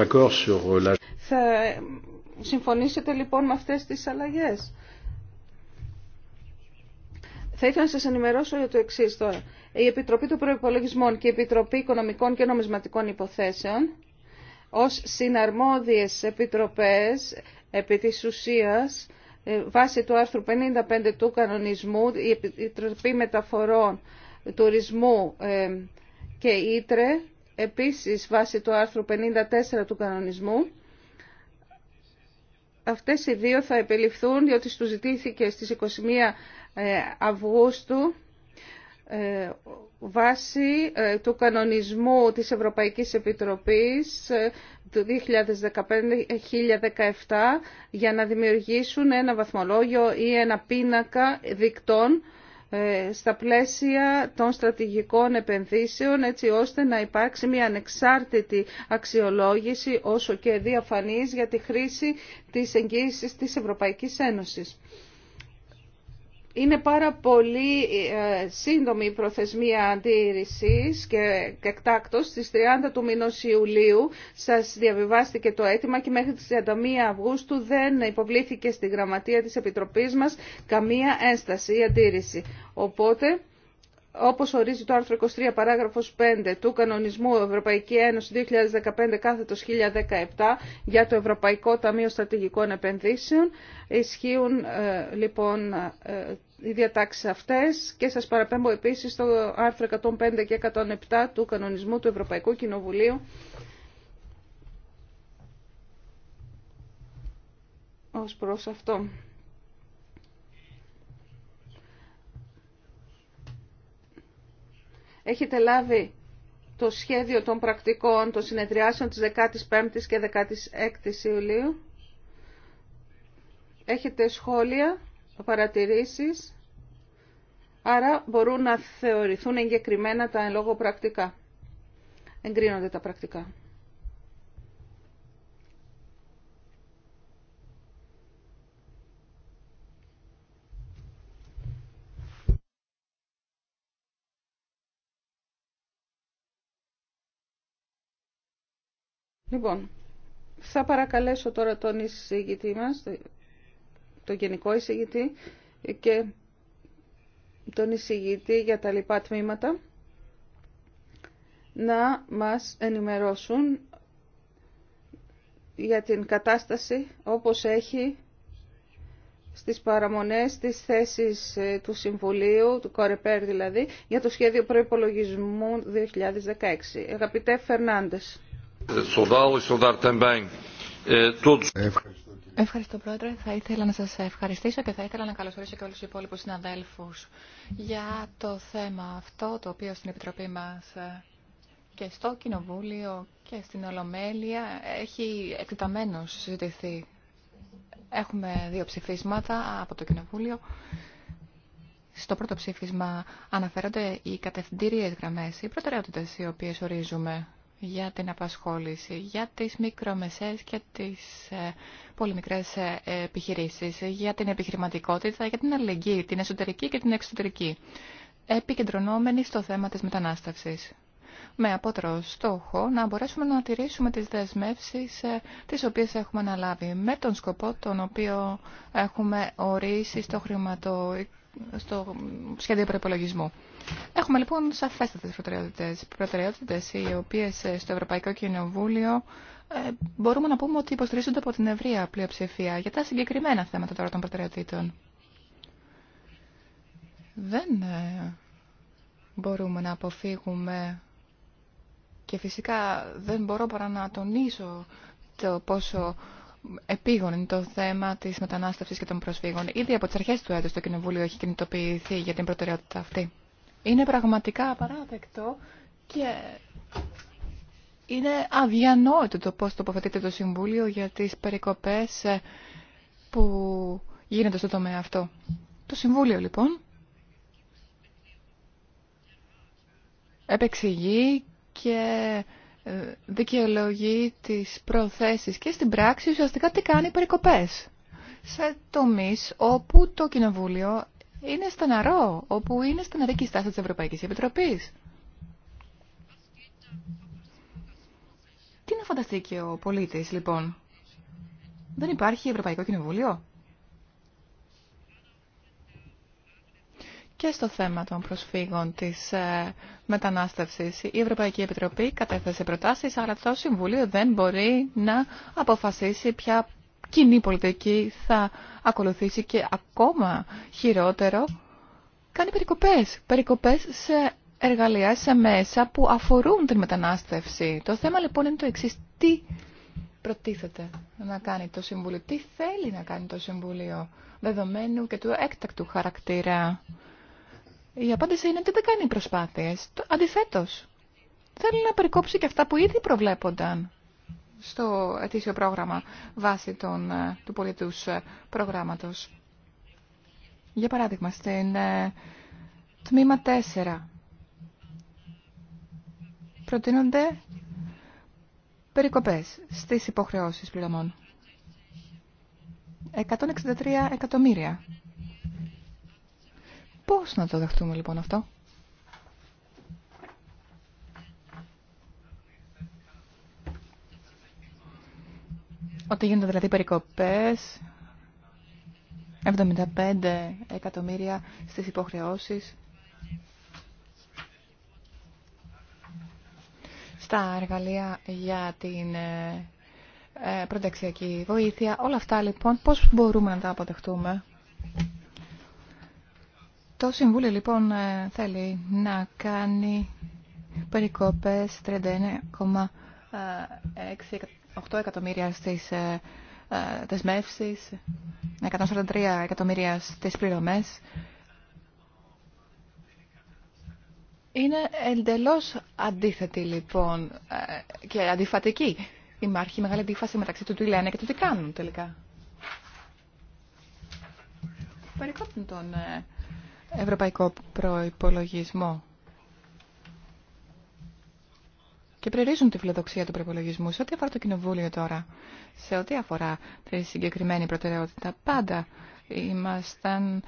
Euh, Θα συμφωνήσετε λοιπόν με αυτές τις αλλαγές. Θα ήθελα να σας ενημερώσω για το εξή τώρα. Η Επιτροπή των Προϋπολογισμών και η Επιτροπή Οικονομικών και Νομισματικών Υποθέσεων ως συναρμόδιες επιτροπές επί της ουσίας ε, βάσει του άρθρου 55 του κανονισμού η Επιτροπή Μεταφορών Τουρισμού ε, και Ήτρε επίσης βάσει του άρθρου 54 του κανονισμού. Αυτές οι δύο θα επιληφθούν διότι στους ζητήθηκε στις 21 ε, Αυγούστου ε, βάσει ε, του κανονισμού της Ευρωπαϊκής Επιτροπής του 2015-2017 για να δημιουργήσουν ένα βαθμολόγιο ή ένα πίνακα δικτών ε, στα πλαίσια των στρατηγικών επενδύσεων έτσι ώστε να υπάρξει μια ανεξάρτητη αξιολόγηση όσο και διαφανής για τη χρήση της εγγύησης της Ευρωπαϊκής Ένωσης. Είναι πάρα πολύ ε, σύντομη η προθεσμία αντίρρησης και εκτάκτος. Στις 30 του μηνός Ιουλίου σας διαβιβάστηκε το αίτημα και μέχρι τις 31 Αυγούστου δεν υποβλήθηκε στη γραμματεία της Επιτροπής μας καμία ένσταση ή αντίρρηση. Οπότε όπως ορίζει το άρθρο 23 παράγραφος 5 του Κανονισμού Ευρωπαϊκή Ένωση 2015 κάθετος 2017 για το Ευρωπαϊκό Ταμείο Στρατηγικών Επενδύσεων. Ισχύουν ε, λοιπόν ε, οι διατάξεις αυτές και σας παραπέμπω επίσης στο άρθρο 105 και 107 του Κανονισμού του Ευρωπαϊκού Κοινοβουλίου ως προς αυτό. Έχετε λάβει το σχέδιο των πρακτικών των συνεδριάσεων της 15ης και 16ης Ιουλίου. Έχετε σχόλια, παρατηρήσεις, άρα μπορούν να θεωρηθούν εγκεκριμένα τα εν λόγω πρακτικά. Εγκρίνονται τα πρακτικά. Λοιπόν, θα παρακαλέσω τώρα τον εισηγητή μας, τον γενικό εισηγητή και τον εισηγητή για τα λοιπά τμήματα να μας ενημερώσουν για την κατάσταση όπως έχει στις παραμονές της θέσης ε, του Συμβουλίου, του Κορεπέρ δηλαδή, για το σχέδιο προϋπολογισμού 2016. Αγαπητέ Φερνάντες. Ε, Ευχαριστώ Πρόεδρε. Θα ήθελα να σας ευχαριστήσω και θα ήθελα να καλωσορίσω και όλους τους υπόλοιπους συναδέλφους για το θέμα αυτό το οποίο στην Επιτροπή μας ε, και στο Κοινοβούλιο και στην Ολομέλεια έχει εκτεταμένως συζητηθεί. Έχουμε δύο ψηφίσματα από το Κοινοβούλιο. Στο πρώτο ψήφισμα αναφέρονται οι κατευθυντήριες γραμμές, οι προτεραιότητες οι οποίες ορίζουμε για την απασχόληση, για τις μικρομεσαίες και τις ε, πολύ μικρές ε, επιχειρήσεις, για την επιχειρηματικότητα, για την αλληλεγγύη, την εσωτερική και την εξωτερική, επικεντρωνόμενη στο θέμα της μετανάστευσης. Με απότερο στόχο να μπορέσουμε να τηρήσουμε τις δεσμεύσεις ε, τις οποίες έχουμε αναλάβει, με τον σκοπό τον οποίο έχουμε ορίσει στο χρηματοοικονομικό στο σχέδιο προπολογισμού. Έχουμε λοιπόν σαφέστατε προτεραιότητες, προτεραιότητε, οι οποίε ε, στο Ευρωπαϊκό Κοινοβούλιο ε, μπορούμε να πούμε ότι υποστηρίζονται από την ευρεία πλειοψηφία για τα συγκεκριμένα θέματα τώρα των προτεραιοτήτων. Δεν ε, μπορούμε να αποφύγουμε και φυσικά δεν μπορώ παρά να τονίσω το πόσο επίγον είναι το θέμα τη μετανάστευση και των προσφύγων. Ήδη από τι αρχέ του έτου το Κοινοβούλιο έχει κινητοποιηθεί για την προτεραιότητα αυτή. Είναι πραγματικά απαράδεκτο και είναι αδιανόητο το πώ τοποθετείται το Συμβούλιο για τι περικοπέ ε, που γίνονται στο τομέα αυτό. Το Συμβούλιο λοιπόν επεξηγεί και ε, δικαιολογεί τις προθέσεις και στην πράξη ουσιαστικά τι κάνει περικοπές σε τομείς όπου το Κοινοβούλιο είναι στεναρό, όπου είναι στεναρική στάση της Ευρωπαϊκής Επιτροπής. Τι να φανταστεί και ο πολίτης, λοιπόν. Δεν υπάρχει Ευρωπαϊκό Κοινοβούλιο. και στο θέμα των προσφύγων της ε, μετανάστευσης. Η Ευρωπαϊκή Επιτροπή κατέθεσε προτάσεις, αλλά το Συμβούλιο δεν μπορεί να αποφασίσει ποια κοινή πολιτική θα ακολουθήσει και ακόμα χειρότερο κάνει περικοπές. Περικοπές σε εργαλεία, σε μέσα που αφορούν την μετανάστευση. Το θέμα λοιπόν είναι το εξή. Τι προτίθεται να κάνει το Συμβούλιο, τι θέλει να κάνει το Συμβούλιο, δεδομένου και του έκτακτου χαρακτήρα η απάντηση είναι ότι δεν κάνει προσπάθειες. Αντιθέτως, θέλει να περικόψει και αυτά που ήδη προβλέπονταν στο ετήσιο πρόγραμμα βάσει των, ε, του πολιτούς ε, προγράμματος. Για παράδειγμα, στην ε, τμήμα 4 προτείνονται περικοπές στις υποχρεώσεις πληρωμών. 163 εκατομμύρια Πώς να το δεχτούμε λοιπόν αυτό. Ότι γίνονται δηλαδή περικοπές, 75 εκατομμύρια στις υποχρεώσεις, στα εργαλεία για την ε, ε βοήθεια. Όλα αυτά λοιπόν πώς μπορούμε να τα αποδεχτούμε. Το Συμβούλιο λοιπόν ε, θέλει να κάνει περικόπες 39,8 εκατομμύρια στις ε, ε, δεσμεύσεις, 143 εκατομμύρια στις πληρωμές. Είναι εντελώς αντίθετη λοιπόν και αντιφατική. Υπάρχει μεγάλη αντίφαση μεταξύ του τι λένε και του τι κάνουν τελικά. Περικόπτουν τον ευρωπαϊκό προϋπολογισμό και πληρίζουν τη φιλοδοξία του προϋπολογισμού. σε ό,τι αφορά το Κοινοβούλιο τώρα, σε ό,τι αφορά τη συγκεκριμένη προτεραιότητα. Πάντα ήμασταν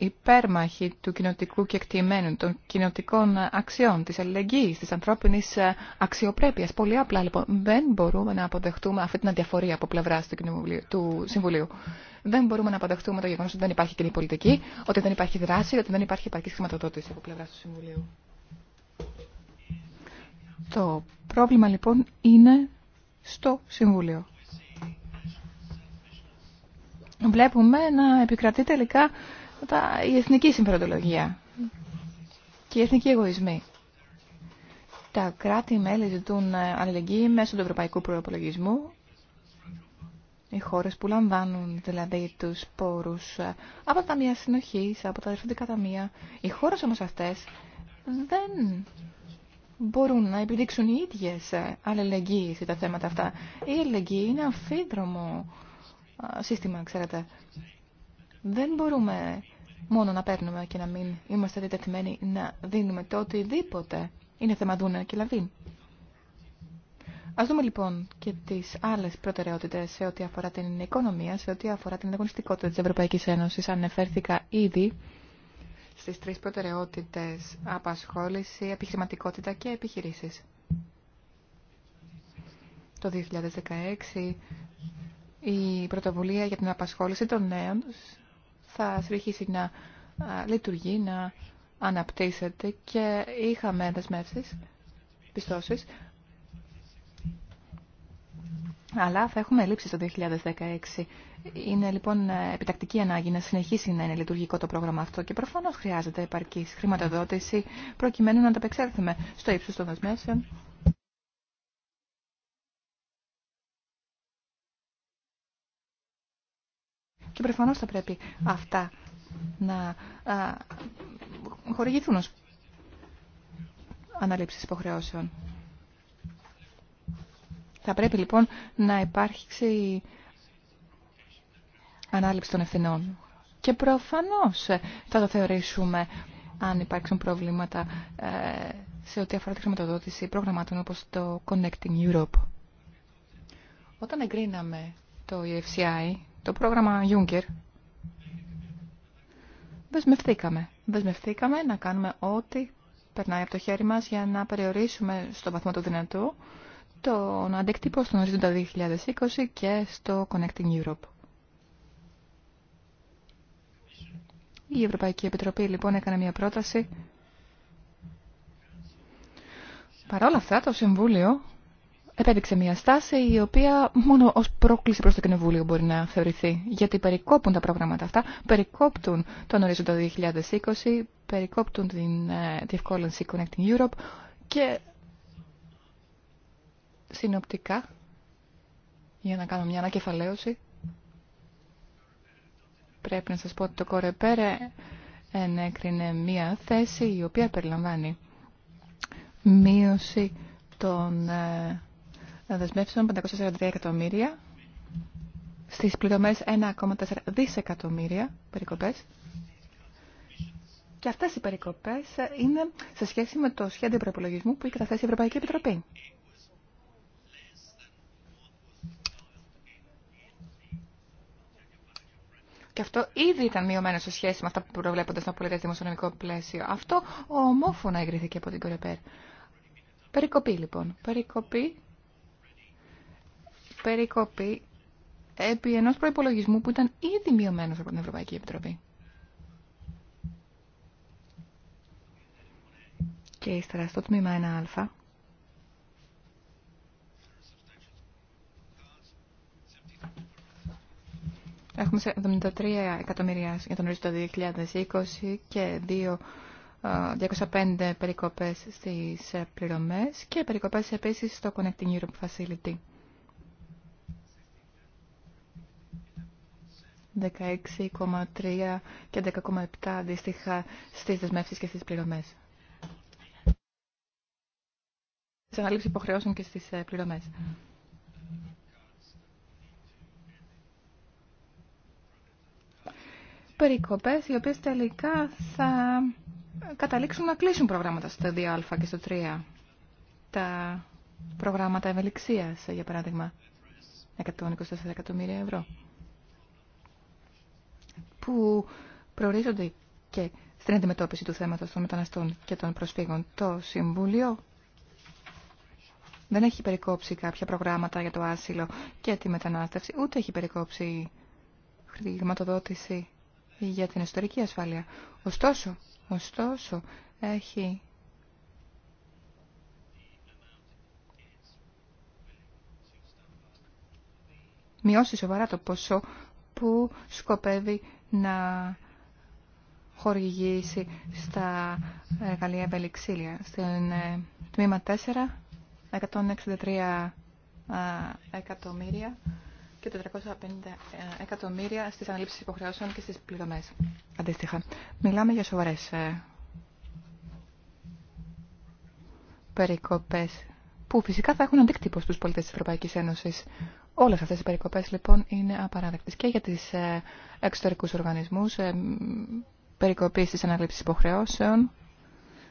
υπέρμαχοι του κοινοτικού κεκτημένου, των κοινοτικών αξιών, της αλληλεγγύης, της ανθρώπινης ε, αξιοπρέπειας. Πολύ απλά λοιπόν δεν μπορούμε να αποδεχτούμε αυτή την αδιαφορία από πλευρά του, του Συμβουλίου. Δεν μπορούμε να αποδεχτούμε το γεγονός ότι δεν υπάρχει κοινή πολιτική, ότι δεν υπάρχει δράση, ότι δεν υπάρχει επαρκή χρηματοδότηση από πλευρά του Συμβουλίου. Το πρόβλημα λοιπόν είναι στο Συμβούλιο. Βλέπουμε να επικρατεί τελικά τα, η εθνική συμφεροντολογία και οι εθνικοί εγωισμοί. Τα κράτη-μέλη ζητούν ε, αλληλεγγύη μέσω του ευρωπαϊκού προπολογισμού. Οι χώρες που λαμβάνουν δηλαδή τους πόρους ε, από τα μία συνοχής, από τα διευθυντικά ταμεία. Οι χώρες όμως αυτές δεν μπορούν να επιδείξουν οι ίδιες ε, αλληλεγγύη σε τα θέματα αυτά. Η αλληλεγγύη είναι αμφίδρομο σύστημα, ξέρετε. Δεν μπορούμε μόνο να παίρνουμε και να μην είμαστε διτεθειμένοι να δίνουμε το οτιδήποτε. Είναι θέμα δούνα και λαβή. Ας δούμε λοιπόν και τις άλλες προτεραιότητες σε ό,τι αφορά την οικονομία, σε ό,τι αφορά την αγωνιστικότητα της Ευρωπαϊκής Ένωσης. Ανεφέρθηκα ήδη στις τρεις προτεραιότητες απασχόληση, επιχειρηματικότητα και επιχειρήσεις. Το 2016 η πρωτοβουλία για την απασχόληση των νέων θα συνεχίσει να λειτουργεί, να αναπτύσσεται και είχαμε δεσμεύσει, πιστώσεις, αλλά θα έχουμε λήψει το 2016. Είναι λοιπόν επιτακτική ανάγκη να συνεχίσει να είναι λειτουργικό το πρόγραμμα αυτό και προφανώς χρειάζεται επαρκής χρηματοδότηση προκειμένου να ανταπεξέλθουμε στο ύψος των δεσμεύσεων Και προφανώς θα πρέπει αυτά να α, χορηγηθούν ως αναλήψεις υποχρεώσεων. Θα πρέπει λοιπόν να υπάρξει ανάληψη των ευθυνών. Και προφανώς θα το θεωρήσουμε αν υπάρξουν προβλήματα ε, σε ό,τι αφορά τη χρηματοδότηση προγραμμάτων όπως το Connecting Europe. Όταν εγκρίναμε το EFCI το πρόγραμμα Juncker, δεσμευθήκαμε. Δεσμευθήκαμε να κάνουμε ό,τι περνάει από το χέρι μας για να περιορίσουμε στο βαθμό του δυνατού τον αντίκτυπο στον ορίζοντα 2020 και στο Connecting Europe. Η Ευρωπαϊκή Επιτροπή λοιπόν έκανε μια πρόταση. Παρ' όλα αυτά το Συμβούλιο επέδειξε μια στάση η οποία μόνο ως πρόκληση προς το Κοινοβούλιο μπορεί να θεωρηθεί. Γιατί περικόπτουν τα προγράμματα αυτά, περικόπτουν τον ορίζοντα 2020, περικόπτουν την ε, διευκόλυνση Connecting Europe και συνοπτικά, για να κάνω μια ανακεφαλαίωση, πρέπει να σας πω ότι το Κορεπέρε ενέκρινε μια θέση η οποία περιλαμβάνει μείωση των ε, να δεσμεύσουμε 543 εκατομμύρια στις πληρωμές 1,4 δισεκατομμύρια περικοπές. Και αυτές οι περικοπές είναι σε σχέση με το σχέδιο προπολογισμού που έχει καταθέσει η Ευρωπαϊκή Επιτροπή. Και αυτό ήδη ήταν μειωμένο σε σχέση με αυτά που προβλέπονται στο πολιτικό δημοσιονομικό πλαίσιο. Αυτό ομόφωνα εγκρίθηκε από την Κορεπέρ. Περικοπή λοιπόν. Περικοπή περικοπή επί ενός προϋπολογισμού που ήταν ήδη μειωμένος από την Ευρωπαϊκή Επιτροπή. Και ύστερα στο τμήμα 1α Έχουμε 73 εκατομμύρια για τον ορίζοντα 2020 και 205 περικοπές στις πληρωμές και περικοπές επίσης στο Connecting Europe Facility. 16,3 και 10,7 αντίστοιχα στις δεσμεύσεις και στις πληρωμές. Σε αναλήψεις υποχρεώσεων και στις ε, πληρωμές. Περικοπές οι οποίες τελικά θα καταλήξουν να κλείσουν προγράμματα στο 2α και στο 3. Τα προγράμματα ευελιξίας, για παράδειγμα, 124 εκατομμύρια ευρώ που προορίζονται και στην αντιμετώπιση του θέματος των μεταναστών και των προσφύγων. Το Συμβούλιο δεν έχει περικόψει κάποια προγράμματα για το άσυλο και τη μετανάστευση, ούτε έχει περικόψει χρηματοδότηση για την ιστορική ασφάλεια. Ωστόσο, ωστόσο, έχει μειώσει σοβαρά το ποσό που σκοπεύει να χορηγήσει στα εργαλεία ευελιξίλια. Στην ε, τμήμα 4, 163 ε, εκατομμύρια και 450 ε, εκατομμύρια στις αναλήψεις υποχρεώσεων και στις πληρωμές. Αντίστοιχα, μιλάμε για σοβαρές περικοπές που φυσικά θα έχουν αντίκτυπο στους πολίτες της Ευρωπαϊκής Ένωσης Όλες αυτές οι περικοπές λοιπόν είναι απαράδεκτες και για τις ε, εξωτερικούς οργανισμούς, ε, περικοπή στις αναλήψεις υποχρεώσεων,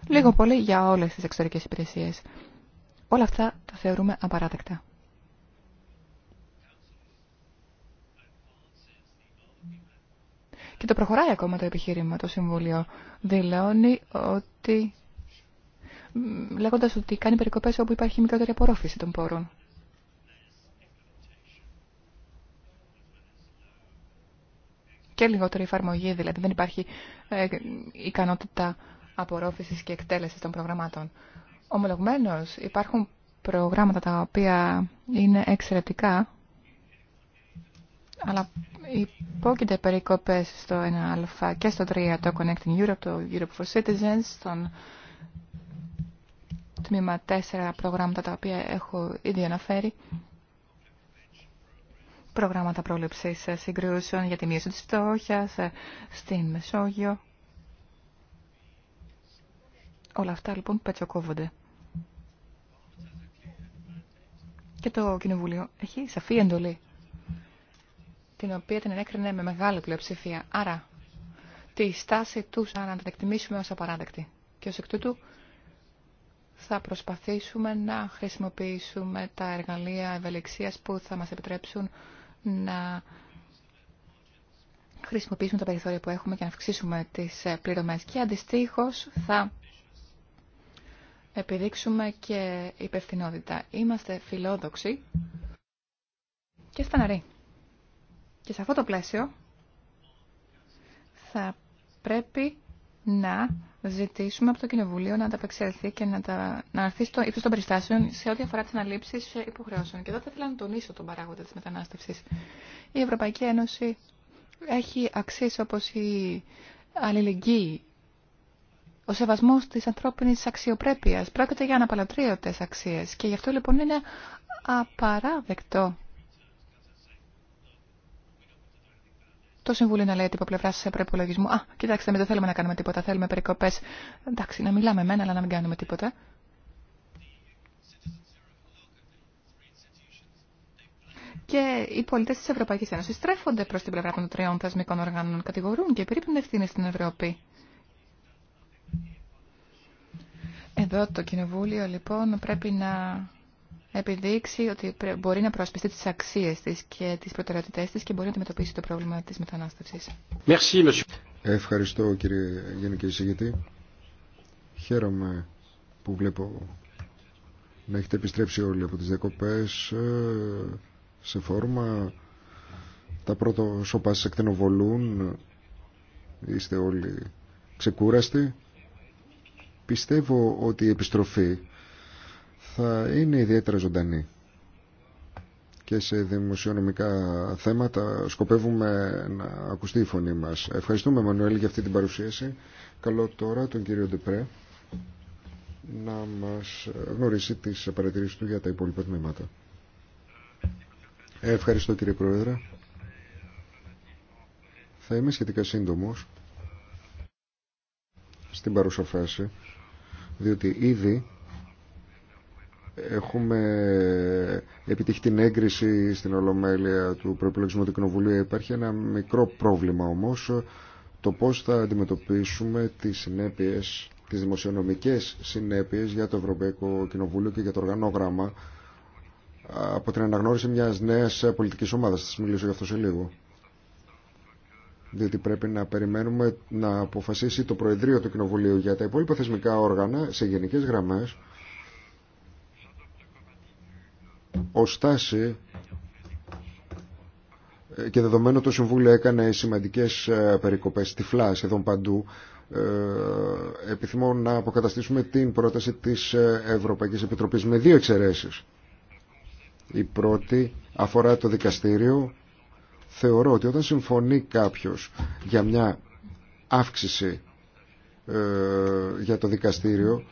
λίγο πολύ για όλες τις εξωτερικές υπηρεσίες. Όλα αυτά τα θεωρούμε απαράδεκτα. Και το προχωράει ακόμα το επιχείρημα, το Συμβούλιο. Δηλώνει ότι, λέγοντας ότι κάνει περικοπές όπου υπάρχει μικρότερη απορρόφηση των πόρων. και λιγότερη εφαρμογή, δηλαδή δεν υπάρχει ε, ικανότητα απορρόφησης και εκτέλεσης των προγραμμάτων. Ομολογμένως υπάρχουν προγράμματα τα οποία είναι εξαιρετικά, αλλά υπόκειται περικοπές στο 1α και στο 3, το Connecting Europe, το Europe for Citizens, στον τμήμα 4 προγράμματα τα οποία έχω ήδη αναφέρει προγράμματα πρόληψης ε, συγκρούσεων για τη μείωση της φτώχειας ε, στην Μεσόγειο. Όλα αυτά λοιπόν πετσοκόβονται. Και το Κοινοβούλιο έχει σαφή εντολή, την οποία την ενέκρινε με μεγάλη πλειοψηφία. Άρα, τη στάση του να την εκτιμήσουμε ως απαράδεκτη. Και ως εκ τούτου, θα προσπαθήσουμε να χρησιμοποιήσουμε τα εργαλεία ευελιξίας που θα μας επιτρέψουν να χρησιμοποιήσουμε τα περιθώρια που έχουμε και να αυξήσουμε τις ε, πληρωμές. Και αντιστοίχως θα επιδείξουμε και υπευθυνότητα. Είμαστε φιλόδοξοι και στεναροί. Και σε αυτό το πλαίσιο θα πρέπει να ζητήσουμε από το Κοινοβουλίο να ανταπεξέλθει και να, τα, να έρθει στο ύψο των περιστάσεων σε ό,τι αφορά τι αναλήψει υποχρεώσεων. Και εδώ θα ήθελα να τονίσω τον παράγοντα τη μετανάστευση. Η Ευρωπαϊκή Ένωση έχει αξίε όπω η αλληλεγγύη, ο σεβασμό τη ανθρώπινη αξιοπρέπεια. Πρόκειται για αναπαλατρίωτε αξίε. Και γι' αυτό λοιπόν είναι απαράδεκτο το Συμβούλιο να λέει ότι από πλευρά προπολογισμού, Α, κοιτάξτε, δεν θέλουμε να κάνουμε τίποτα, θέλουμε περικοπέ. Εντάξει, να μιλάμε εμένα, αλλά να μην κάνουμε τίποτα. Και οι πολίτε τη Ευρωπαϊκή Ένωση στρέφονται προ την πλευρά των τριών θεσμικών οργάνων, κατηγορούν και επιρρύπτουν ευθύνε στην Ευρώπη. Εδώ το Κοινοβούλιο λοιπόν πρέπει να επιδείξει ότι μπορεί να προασπιστεί τις αξίες της και τις προτεραιότητές της και μπορεί να αντιμετωπίσει το πρόβλημα της μετανάστευσης. Ευχαριστώ κύριε Γενική Εισηγητή. Χαίρομαι που βλέπω να έχετε επιστρέψει όλοι από τις δεκοπές ε, σε φόρμα. Τα πρώτα σώπα σας εκτενοβολούν. Είστε όλοι ξεκούραστοι. Πιστεύω ότι η επιστροφή θα είναι ιδιαίτερα ζωντανή. Και σε δημοσιονομικά θέματα σκοπεύουμε να ακουστεί η φωνή μας. Ευχαριστούμε Μανουέλ για αυτή την παρουσίαση. Καλό τώρα τον κύριο Ντεπρέ να μας γνωρίσει τις παρατηρήσεις του για τα υπόλοιπα τμήματα. Ευχαριστώ κύριε Πρόεδρε. Θα είμαι σχετικά σύντομος στην παρούσα διότι ήδη έχουμε επιτύχει την έγκριση στην Ολομέλεια του Προεπιλογισμού του Κοινοβουλίου. Υπάρχει ένα μικρό πρόβλημα όμως το πώς θα αντιμετωπίσουμε τις συνέπειες, τις δημοσιονομικές συνέπειες για το Ευρωπαϊκό Κοινοβούλιο και για το οργανόγραμμα από την αναγνώριση μιας νέας πολιτικής ομάδας. Θα σας μιλήσω για αυτό σε λίγο. Διότι πρέπει να περιμένουμε να αποφασίσει το Προεδρείο του Κοινοβουλίου για τα υπόλοιπα θεσμικά όργανα σε γενικές γραμμές ω στάση ε, και δεδομένου το Συμβούλιο έκανε σημαντικές ε, περικοπές τυφλά εδώ παντού ε, επιθυμώ να αποκαταστήσουμε την πρόταση της Ευρωπαϊκής Επιτροπής με δύο εξαιρέσεις. Η πρώτη αφορά το δικαστήριο. Θεωρώ ότι όταν συμφωνεί κάποιος για μια αύξηση για το δικαστήριο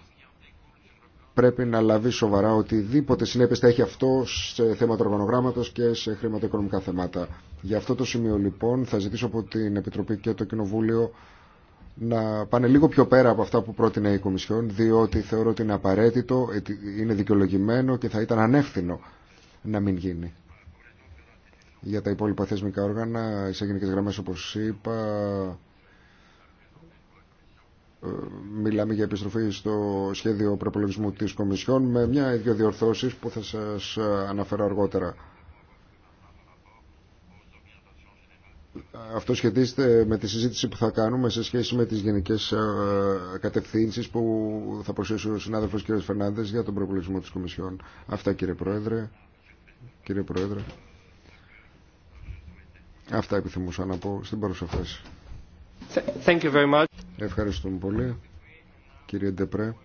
πρέπει να λάβει σοβαρά οτιδήποτε συνέπειε θα έχει αυτό σε θέματα οργανογράμματο και σε χρηματοοικονομικά θέματα. Για αυτό το σημείο λοιπόν θα ζητήσω από την Επιτροπή και το Κοινοβούλιο να πάνε λίγο πιο πέρα από αυτά που πρότεινε η Κομισιόν, διότι θεωρώ ότι είναι απαραίτητο, είναι δικαιολογημένο και θα ήταν ανεύθυνο να μην γίνει. Για τα υπόλοιπα θεσμικά όργανα, σε γενικέ γραμμέ όπω είπα, ε, μιλάμε για επιστροφή στο σχέδιο προπολογισμού της Κομισιόν με μια ή διορθώσεις που θα σας αναφέρω αργότερα. Αυτό σχετίζεται με τη συζήτηση που θα κάνουμε σε σχέση με τις γενικές ε, κατευθύνσεις που θα προσθέσει ο συνάδελφος κ. Φερνάνδες για τον προπολογισμό της Κομισιόν. Αυτά κύριε Πρόεδρε. Κύριε Πρόεδρε. Αυτά επιθυμούσα να πω στην παρουσία Ευχαριστούμε πολύ, κύριε Ντεπρέ.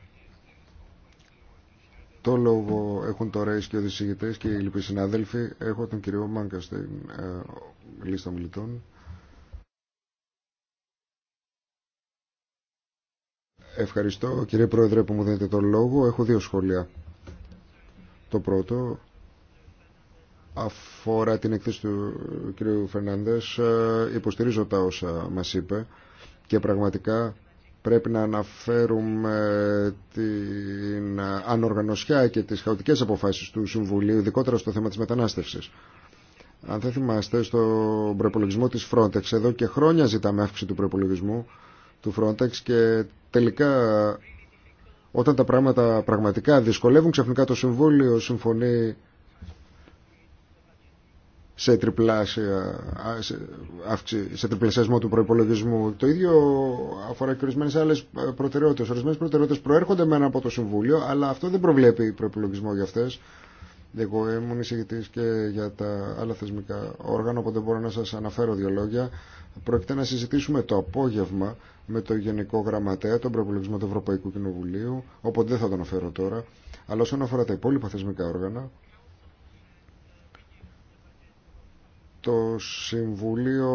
Το λόγο έχουν τώρα οι σκιώδεις και οι λοιποί συνάδελφοι. Έχω τον κύριο Μάνκα στην ε, λίστα μιλητών. Ευχαριστώ κύριε Πρόεδρε που μου δίνετε το λόγο. Έχω δύο σχόλια. Το πρώτο αφορά την εκθέση του κ. Φερνάνδες ε, υποστηρίζω τα όσα μας είπε και πραγματικά πρέπει να αναφέρουμε την ανοργανωσιά και τις χαοτικές αποφάσεις του Συμβουλίου ειδικότερα στο θέμα της μετανάστευσης. Αν δεν θυμάστε, στο προπολογισμό της Frontex εδώ και χρόνια ζητάμε αύξηση του προπολογισμού του Frontex και τελικά όταν τα πράγματα πραγματικά δυσκολεύουν ξαφνικά το Συμβούλιο συμφωνεί σε, σε τριπλασιασμό του προπολογισμού. Το ίδιο αφορά και ορισμένε άλλε προτεραιότητε. Ορισμένε προτεραιότητε προέρχονται μένα από το Συμβούλιο, αλλά αυτό δεν προβλέπει προπολογισμό για αυτέ. Εγώ ήμουν εισηγητή και για τα άλλα θεσμικά όργανα, οπότε μπορώ να σα αναφέρω δύο λόγια. Πρόκειται να συζητήσουμε το απόγευμα με το Γενικό Γραμματέα, τον προπολογισμό του Ευρωπαϊκού Κοινοβουλίου, οπότε δεν θα τον αναφέρω τώρα. Αλλά όσον αφορά τα υπόλοιπα θεσμικά όργανα, το Συμβουλίο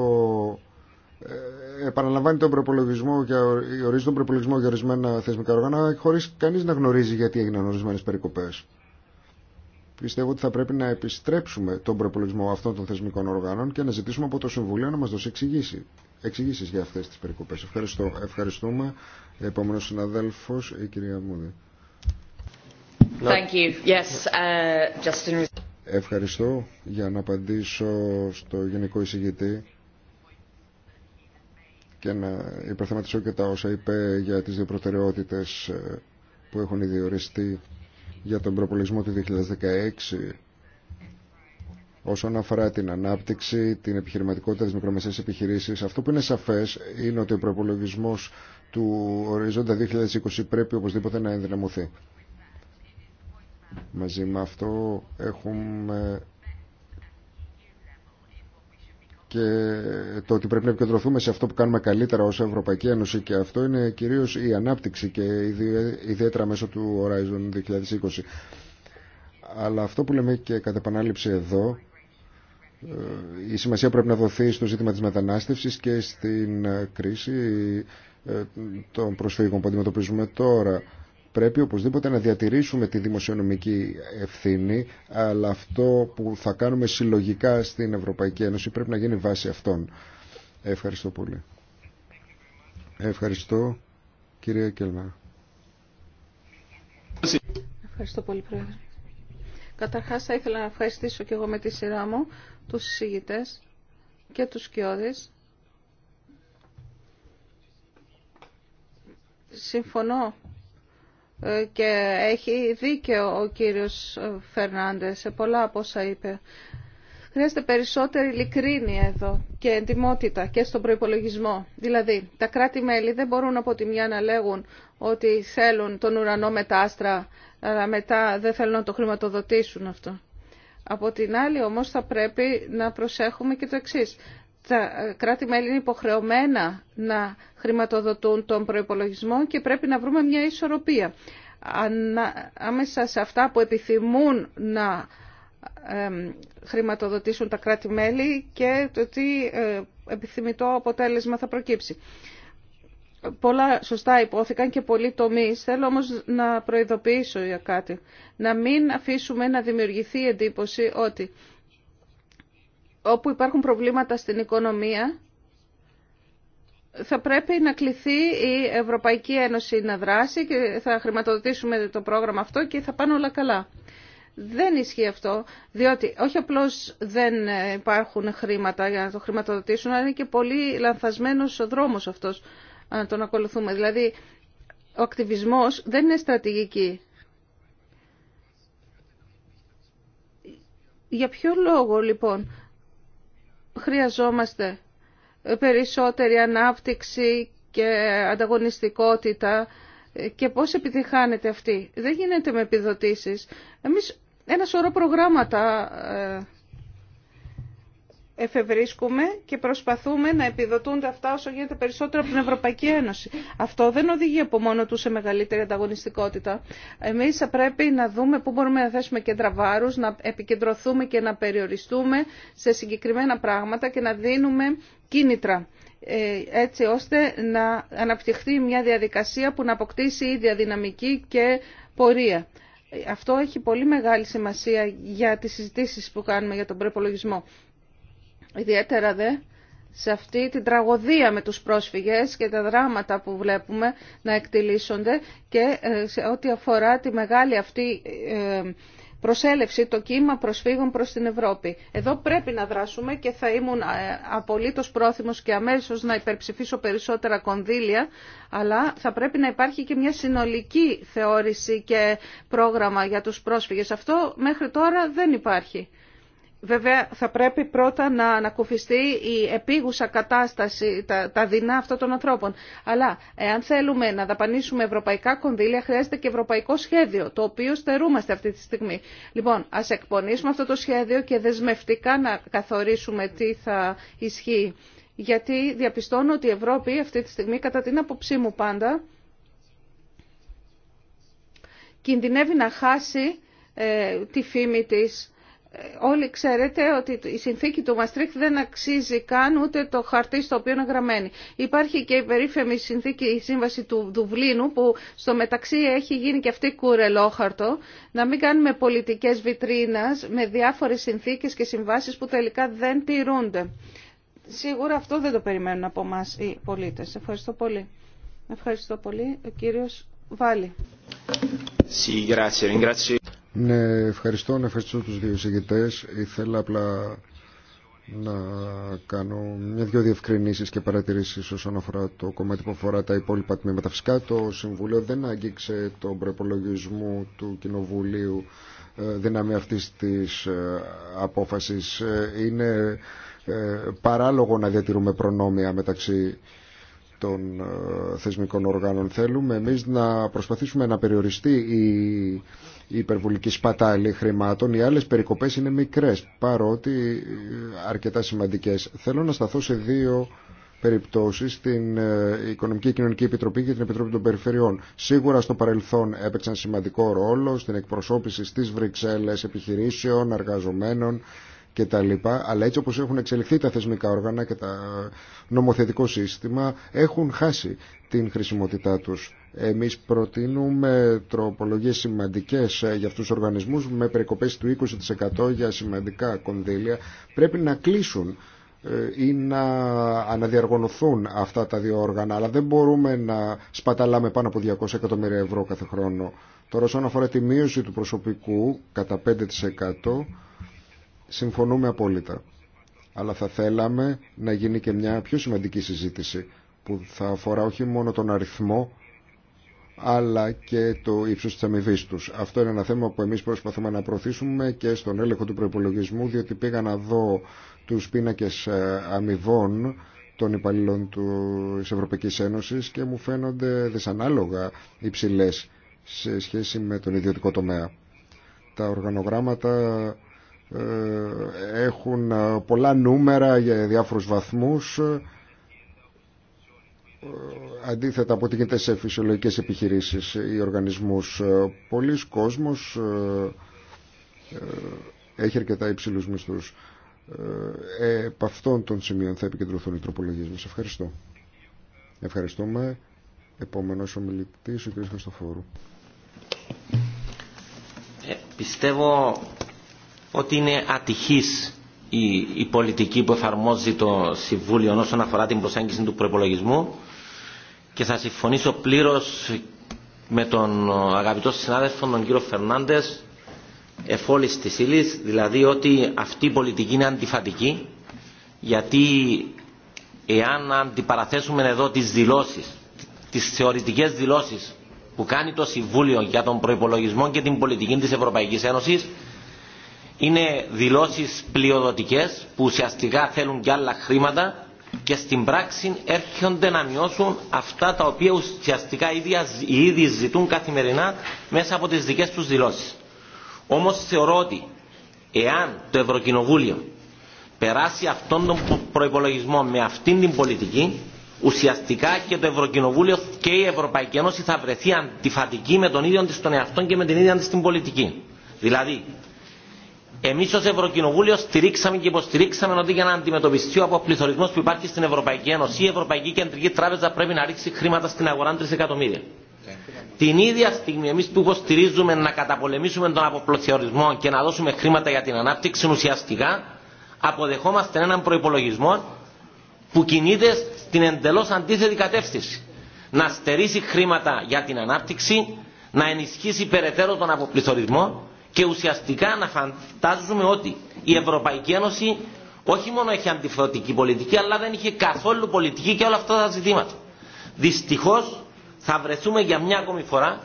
ε, επαναλαμβάνει τον προπολογισμό και ορίζει τον προπολογισμό για ορισμένα θεσμικά όργανα χωρίς κανείς να γνωρίζει γιατί έγιναν ορισμένες περικοπές. Πιστεύω ότι θα πρέπει να επιστρέψουμε τον προπολογισμό αυτών των θεσμικών οργάνων και να ζητήσουμε από το Συμβουλίο να μας δώσει εξηγήσει. εξηγήσεις για αυτές τις περικοπές. Ευχαριστώ. Ευχαριστούμε. Επόμενος συναδέλφος, η κυρία Μούδη. Thank uh, Ευχαριστώ για να απαντήσω στο Γενικό Εισηγητή και να υπερθεματισώ και τα όσα είπε για τις δύο προτεραιότητες ε, που έχουν ιδιοριστεί για τον προπολισμό του 2016 όσον αφορά την ανάπτυξη, την επιχειρηματικότητα της μικρομεσαίας επιχειρήσης. Αυτό που είναι σαφές είναι ότι ο προπολογισμό του ορίζοντα 2020 πρέπει οπωσδήποτε να ενδυναμωθεί. Μαζί με αυτό έχουμε και το ότι πρέπει να επικεντρωθούμε σε αυτό που κάνουμε καλύτερα ως Ευρωπαϊκή Ένωση και αυτό είναι κυρίως η ανάπτυξη και ιδιαίτερα μέσω του Horizon 2020. Αλλά αυτό που λέμε και κατά επανάληψη εδώ, ε, η σημασία πρέπει να δοθεί στο ζήτημα της μετανάστευσης και στην ε, κρίση ε, των προσφύγων που αντιμετωπίζουμε τώρα πρέπει οπωσδήποτε να διατηρήσουμε τη δημοσιονομική ευθύνη, αλλά αυτό που θα κάνουμε συλλογικά στην Ευρωπαϊκή Ένωση πρέπει να γίνει βάση αυτών. Ευχαριστώ πολύ. Ευχαριστώ, κυρία Κελμά. Ευχαριστώ πολύ, Πρόεδρε. Καταρχάς, θα ήθελα να ευχαριστήσω και εγώ με τη σειρά μου τους συζητητές και τους σκιώδες. Συμφωνώ ε, και έχει δίκαιο ο κύριος Φερνάντες σε πολλά από όσα είπε. Χρειάζεται περισσότερη ειλικρίνη εδώ και εντιμότητα και στον προϋπολογισμό. Δηλαδή, τα κράτη-μέλη δεν μπορούν από τη μια να λέγουν ότι θέλουν τον ουρανό με τα άστρα, αλλά μετά δεν θέλουν να το χρηματοδοτήσουν αυτό. Από την άλλη όμως θα πρέπει να προσέχουμε και το εξής τα κράτη-μέλη είναι υποχρεωμένα να χρηματοδοτούν τον προϋπολογισμό και πρέπει να βρούμε μια ισορροπία. Άμεσα σε αυτά που επιθυμούν να χρηματοδοτήσουν τα κράτη-μέλη και το τι ε, επιθυμητό αποτέλεσμα θα προκύψει. Πολλά σωστά υπόθηκαν και πολλοί τομεί. Θέλω όμω να προειδοποιήσω για κάτι. Να μην αφήσουμε να δημιουργηθεί εντύπωση ότι όπου υπάρχουν προβλήματα στην οικονομία, θα πρέπει να κληθεί η Ευρωπαϊκή Ένωση να δράσει και θα χρηματοδοτήσουμε το πρόγραμμα αυτό και θα πάνε όλα καλά. Δεν ισχύει αυτό, διότι όχι απλώς δεν υπάρχουν χρήματα για να το χρηματοδοτήσουν, αλλά είναι και πολύ λανθασμένος ο δρόμος αυτός, να τον ακολουθούμε. Δηλαδή, ο ακτιβισμός δεν είναι στρατηγική. Για ποιο λόγο, λοιπόν, χρειαζόμαστε περισσότερη ανάπτυξη και ανταγωνιστικότητα και πώς επιτυχάνεται αυτή. Δεν γίνεται με επιδοτήσεις. Εμείς ένα σωρό προγράμματα ε, εφευρίσκουμε και προσπαθούμε να επιδοτούνται αυτά όσο γίνεται περισσότερο από την Ευρωπαϊκή Ένωση. Αυτό δεν οδηγεί από μόνο του σε μεγαλύτερη ανταγωνιστικότητα. Εμεί θα πρέπει να δούμε πού μπορούμε να θέσουμε κέντρα βάρου, να επικεντρωθούμε και να περιοριστούμε σε συγκεκριμένα πράγματα και να δίνουμε κίνητρα ε, έτσι ώστε να αναπτυχθεί μια διαδικασία που να αποκτήσει ίδια δυναμική και πορεία. Αυτό έχει πολύ μεγάλη σημασία για τις συζητήσεις που κάνουμε για τον προπολογισμό. Ιδιαίτερα δε σε αυτή την τραγωδία με τους πρόσφυγες και τα δράματα που βλέπουμε να εκτελήσονται και ε, σε ό,τι αφορά τη μεγάλη αυτή ε, προσέλευση, το κύμα προσφύγων προς την Ευρώπη. Εδώ πρέπει να δράσουμε και θα ήμουν ε, απολύτως πρόθυμος και αμέσως να υπερψηφίσω περισσότερα κονδύλια, αλλά θα πρέπει να υπάρχει και μια συνολική θεώρηση και πρόγραμμα για τους πρόσφυγες. Αυτό μέχρι τώρα δεν υπάρχει. Βέβαια θα πρέπει πρώτα να ανακουφιστεί η επίγουσα κατάσταση, τα, τα δεινά αυτών των ανθρώπων. Αλλά εάν θέλουμε να δαπανίσουμε ευρωπαϊκά κονδύλια χρειάζεται και ευρωπαϊκό σχέδιο, το οποίο στερούμαστε αυτή τη στιγμή. Λοιπόν, ας εκπονήσουμε αυτό το σχέδιο και δεσμευτικά να καθορίσουμε τι θα ισχύει. Γιατί διαπιστώνω ότι η Ευρώπη αυτή τη στιγμή, κατά την άποψή μου πάντα, κινδυνεύει να χάσει ε, τη φήμη της όλοι ξέρετε ότι η συνθήκη του Μαστρίχ δεν αξίζει καν ούτε το χαρτί στο οποίο είναι γραμμένη. Υπάρχει και η περίφημη συνθήκη, η σύμβαση του Δουβλίνου που στο μεταξύ έχει γίνει και αυτή κουρελόχαρτο να μην κάνουμε πολιτικές βιτρίνες με διάφορες συνθήκες και συμβάσεις που τελικά δεν τηρούνται. Σίγουρα αυτό δεν το περιμένουν από εμά οι πολίτες. Ευχαριστώ πολύ. Ευχαριστώ πολύ. Ο κύριος Βάλη. Ναι, ευχαριστώ. ευχαριστώ τους δύο συγγητές. Ήθελα απλά να κάνω μια-δυο διευκρινήσεις και παρατηρήσεις όσον αφορά το κομμάτι που αφορά τα υπόλοιπα τμήματα. Φυσικά το Συμβουλίο δεν άγγιξε τον προπολογισμό του Κοινοβουλίου ε, δύναμη αυτής της ε, απόφασης. Ε, είναι παράλογο να διατηρούμε προνόμια μεταξύ των ε, θεσμικών οργάνων θέλουμε εμείς να προσπαθήσουμε να περιοριστεί η υπερβολική σπατάλη χρημάτων οι άλλες περικοπές είναι μικρές παρότι ε, αρκετά σημαντικές θέλω να σταθώ σε δύο περιπτώσεις στην ε, Οικονομική και Κοινωνική Επιτροπή και την Επιτροπή των Περιφερειών. Σίγουρα στο παρελθόν έπαιξαν σημαντικό ρόλο στην εκπροσώπηση στις Βρυξέλλες επιχειρήσεων, εργαζομένων αλλά έτσι όπως έχουν εξελιχθεί τα θεσμικά όργανα και τα νομοθετικό σύστημα έχουν χάσει την χρησιμότητά τους. Εμείς προτείνουμε τροπολογίες σημαντικές ε, για αυτούς τους οργανισμούς με περικοπές του 20% για σημαντικά κονδύλια. Πρέπει να κλείσουν ε, ή να αναδιαργωνωθούν αυτά τα δύο όργανα, αλλά δεν μπορούμε να σπαταλάμε πάνω από 200 εκατομμύρια ευρώ κάθε χρόνο. Τώρα, όσον αφορά τη μείωση του προσωπικού κατά 5%, συμφωνούμε απόλυτα. Αλλά θα θέλαμε να γίνει και μια πιο σημαντική συζήτηση που θα αφορά όχι μόνο τον αριθμό αλλά και το ύψος της αμοιβή του. Αυτό είναι ένα θέμα που εμείς προσπαθούμε να προωθήσουμε και στον έλεγχο του προπολογισμού, διότι πήγα να δω τους πίνακες ε, αμοιβών των υπαλλήλων της Ευρωπαϊκής Ένωσης και μου φαίνονται δυσανάλογα υψηλές σε σχέση με τον ιδιωτικό τομέα. Τα οργανογράμματα ε, έχουν ε, πολλά νούμερα για διάφορους βαθμούς ε, αντίθετα από ό,τι γίνεται σε φυσιολογικές επιχειρήσεις ή οργανισμούς. Πολλοί κόσμος έχει αρκετά υψηλού μισθού Ε, επ' αυτών των σημείων θα επικεντρωθούν οι τροπολογίε μα. Ευχαριστώ. Ευχαριστούμε. Επόμενος ομιλητής, ο κ. Χριστοφόρου. Ε, πιστεύω ότι είναι ατυχής η, η πολιτική που εφαρμόζει το Συμβούλιο όσον αφορά την προσέγγιση του προπολογισμού και θα συμφωνήσω πλήρως με τον αγαπητό συνάδελφο τον κύριο Φερνάντες εφόλης της ύλης, δηλαδή ότι αυτή η πολιτική είναι αντιφατική γιατί εάν αντιπαραθέσουμε εδώ τις δηλώσεις, τις θεωρητικές δηλώσεις που κάνει το Συμβούλιο για τον προϋπολογισμό και την πολιτική της Ευρωπαϊκής Ένωσης είναι δηλώσεις πλειοδοτικές που ουσιαστικά θέλουν και άλλα χρήματα και στην πράξη έρχονται να μειώσουν αυτά τα οποία ουσιαστικά οι ίδιοι ζητούν καθημερινά μέσα από τις δικές τους δηλώσεις. Όμως θεωρώ ότι εάν το Ευρωκοινοβούλιο περάσει αυτόν τον προϋπολογισμό με αυτήν την πολιτική, ουσιαστικά και το Ευρωκοινοβούλιο και η Ευρωπαϊκή Ένωση θα βρεθεί αντιφατική με τον ίδιο της τον εαυτό και με την ίδια της την πολιτική. Δηλαδή, Εμεί ω Ευρωκοινοβούλιο στηρίξαμε και υποστηρίξαμε ότι για να αντιμετωπιστεί ο αποπληθωρισμό που υπάρχει στην Ευρωπαϊκή Ένωση, η Ευρωπαϊκή Κεντρική Τράπεζα πρέπει να ρίξει χρήματα στην αγορά 3 εκατομμύρια. Την ίδια στιγμή εμεί που υποστηρίζουμε να καταπολεμήσουμε τον αποπληθωρισμό και να δώσουμε χρήματα για την ανάπτυξη, ουσιαστικά αποδεχόμαστε έναν προπολογισμό που κινείται στην εντελώ αντίθετη κατεύθυνση. Να στερήσει χρήματα για την ανάπτυξη, να ενισχύσει περαιτέρω τον αποπληθωρισμό και ουσιαστικά να φαντάζουμε ότι η Ευρωπαϊκή Ένωση όχι μόνο έχει αντιφροτική πολιτική, αλλά δεν είχε καθόλου πολιτική και όλα αυτά τα ζητήματα. Δυστυχώ θα βρεθούμε για μια ακόμη φορά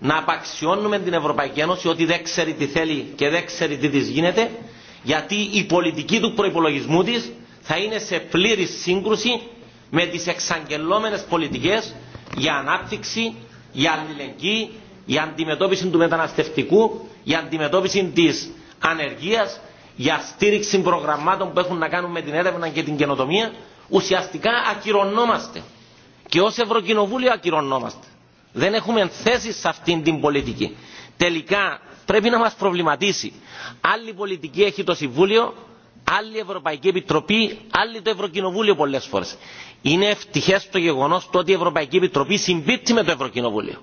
να απαξιώνουμε την Ευρωπαϊκή Ένωση ότι δεν ξέρει τι θέλει και δεν ξέρει τι τη γίνεται, γιατί η πολιτική του προπολογισμού τη θα είναι σε πλήρη σύγκρουση με τι εξαγγελόμενε πολιτικέ για ανάπτυξη, για αλληλεγγύη, η αντιμετώπιση του μεταναστευτικού, η αντιμετώπιση της ανεργίας, για στήριξη προγραμμάτων που έχουν να κάνουν με την έρευνα και την καινοτομία, ουσιαστικά ακυρωνόμαστε. Και ως Ευρωκοινοβούλιο ακυρωνόμαστε. Δεν έχουμε θέση σε αυτήν την πολιτική. Τελικά πρέπει να μας προβληματίσει. Άλλη πολιτική έχει το Συμβούλιο, άλλη Ευρωπαϊκή Επιτροπή, άλλη το Ευρωκοινοβούλιο πολλές φορές. Είναι ευτυχές το γεγονός ότι η Ευρωπαϊκή Επιτροπή συμπίπτει με το Ευρωκοινοβούλιο.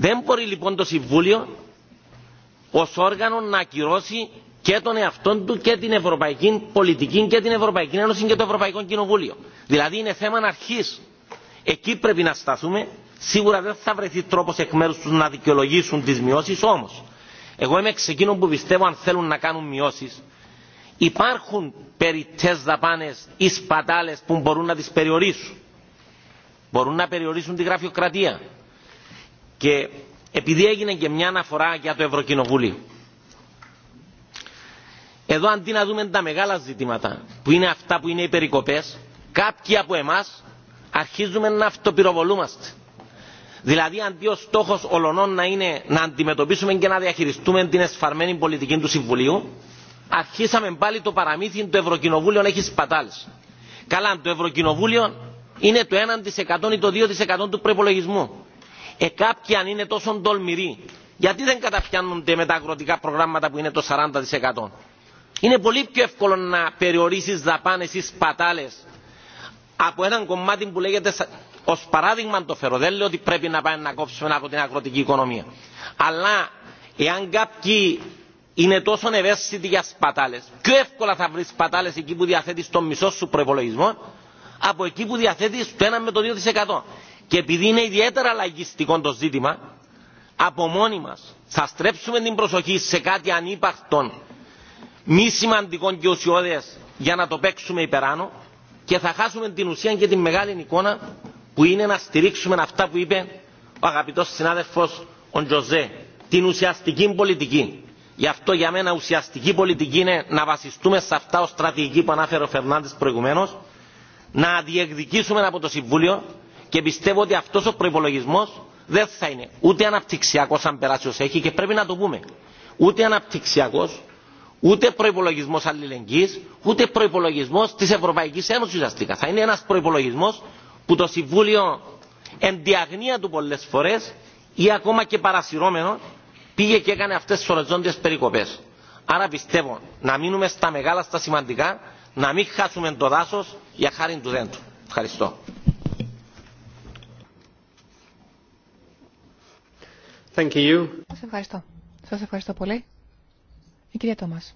Δεν μπορεί λοιπόν το Συμβούλιο ως όργανο να ακυρώσει και τον εαυτό του και την ευρωπαϊκή πολιτική και την Ευρωπαϊκή Ένωση και το Ευρωπαϊκό Κοινοβούλιο. Δηλαδή είναι θέμα αρχή. Εκεί πρέπει να σταθούμε. Σίγουρα δεν θα βρεθεί τρόπο εκ μέρου του να δικαιολογήσουν τι μειώσει, όμω εγώ είμαι εξ εκείνων που πιστεύω αν θέλουν να κάνουν μειώσει υπάρχουν περιττέ δαπάνε ή σπατάλε που μπορούν να τι περιορίσουν. Μπορούν να περιορίσουν τη γραφειοκρατία και επειδή έγινε και μια αναφορά για το Ευρωκοινοβούλιο, εδώ αντί να δούμε τα μεγάλα ζητήματα, που είναι αυτά που είναι οι περικοπές, κάποιοι από εμάς αρχίζουμε να αυτοπυροβολούμαστε. Δηλαδή αντί ο στόχος ολονών να είναι να αντιμετωπίσουμε και να διαχειριστούμε την εσφαρμένη πολιτική του Συμβουλίου, αρχίσαμε πάλι το παραμύθι του Ευρωκοινοβούλιο έχει σπατάλες. Καλά, το Ευρωκοινοβούλιο είναι το 1% ή το 2% του προπολογισμού. Ε, κάποιοι αν είναι τόσο τολμηροί, γιατί δεν καταπιάνονται με τα αγροτικά προγράμματα που είναι το 40%. Είναι πολύ πιο εύκολο να περιορίσει δαπάνε ή σπατάλε από έναν κομμάτι που λέγεται ω παράδειγμα το φέρω. Δεν λέω ότι πρέπει να πάμε να κόψουμε από την αγροτική οικονομία. Αλλά εάν κάποιοι είναι τόσο ευαίσθητοι για σπατάλε, πιο εύκολα θα βρει σπατάλε εκεί που διαθέτει το μισό σου προπολογισμό από εκεί που διαθέτει το 1 με το 2%. Και επειδή είναι ιδιαίτερα λαϊκιστικό το ζήτημα, από μόνοι μας θα στρέψουμε την προσοχή σε κάτι ανύπαρκτον, μη σημαντικό και ουσιώδες για να το παίξουμε υπεράνω και θα χάσουμε την ουσία και την μεγάλη εικόνα που είναι να στηρίξουμε αυτά που είπε ο αγαπητός συνάδελφος ο Τζοζέ, την ουσιαστική πολιτική. Γι' αυτό για μένα ουσιαστική πολιτική είναι να βασιστούμε σε αυτά ως στρατηγική που ανάφερε ο Φερνάντης προηγουμένως, να διεκδικήσουμε από το Συμβούλιο και πιστεύω ότι αυτός ο προϋπολογισμός δεν θα είναι ούτε αναπτυξιακός αν περάσει ως έχει και πρέπει να το πούμε ούτε αναπτυξιακός ούτε προπολογισμό αλληλεγγύη, ούτε προπολογισμό τη Ευρωπαϊκή Ένωση ουσιαστικά. Θα είναι ένα προπολογισμό που το Συμβούλιο εν διαγνία του πολλέ φορέ ή ακόμα και παρασυρώμενο πήγε και έκανε αυτέ τι οριζόντιε περικοπέ. Άρα πιστεύω να μείνουμε στα μεγάλα, στα σημαντικά, να μην χάσουμε το δάσο για χάρη του δέντου. Ευχαριστώ. Thank you. Σας ευχαριστώ. Σας ευχαριστώ πολύ. Η κυρία Τόμας.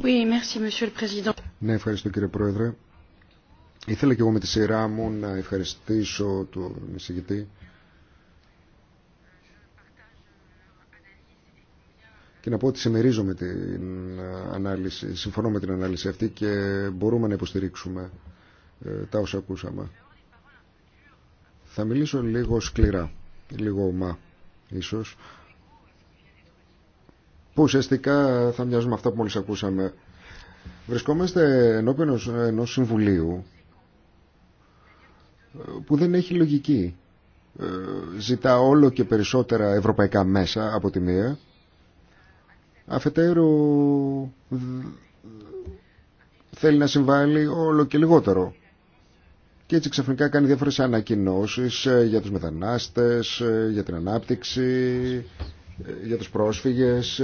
Oui, merci, Monsieur le Président. Ναι, ευχαριστώ κύριε Πρόεδρε. Ήθελα και εγώ με τη σειρά μου να ευχαριστήσω τον εισηγητή και να πω ότι συμμερίζομαι την ανάλυση, συμφωνώ με την ανάλυση αυτή και μπορούμε να υποστηρίξουμε ε, τα όσα ακούσαμε. Θα μιλήσω λίγο σκληρά, λίγο ομά ίσως, που ουσιαστικά θα μοιάζουν με αυτά που μόλις ακούσαμε. Βρισκόμαστε ενώπιον ενός συμβουλίου ε, που δεν έχει λογική. Ε, ζητά όλο και περισσότερα ευρωπαϊκά μέσα από τη μία. Αφετέρου θέλει να συμβάλλει όλο και λιγότερο και έτσι ξαφνικά κάνει διάφορες ανακοινώσεις ε, για τους μετανάστες, ε, για την ανάπτυξη, ε, για τους πρόσφυγες,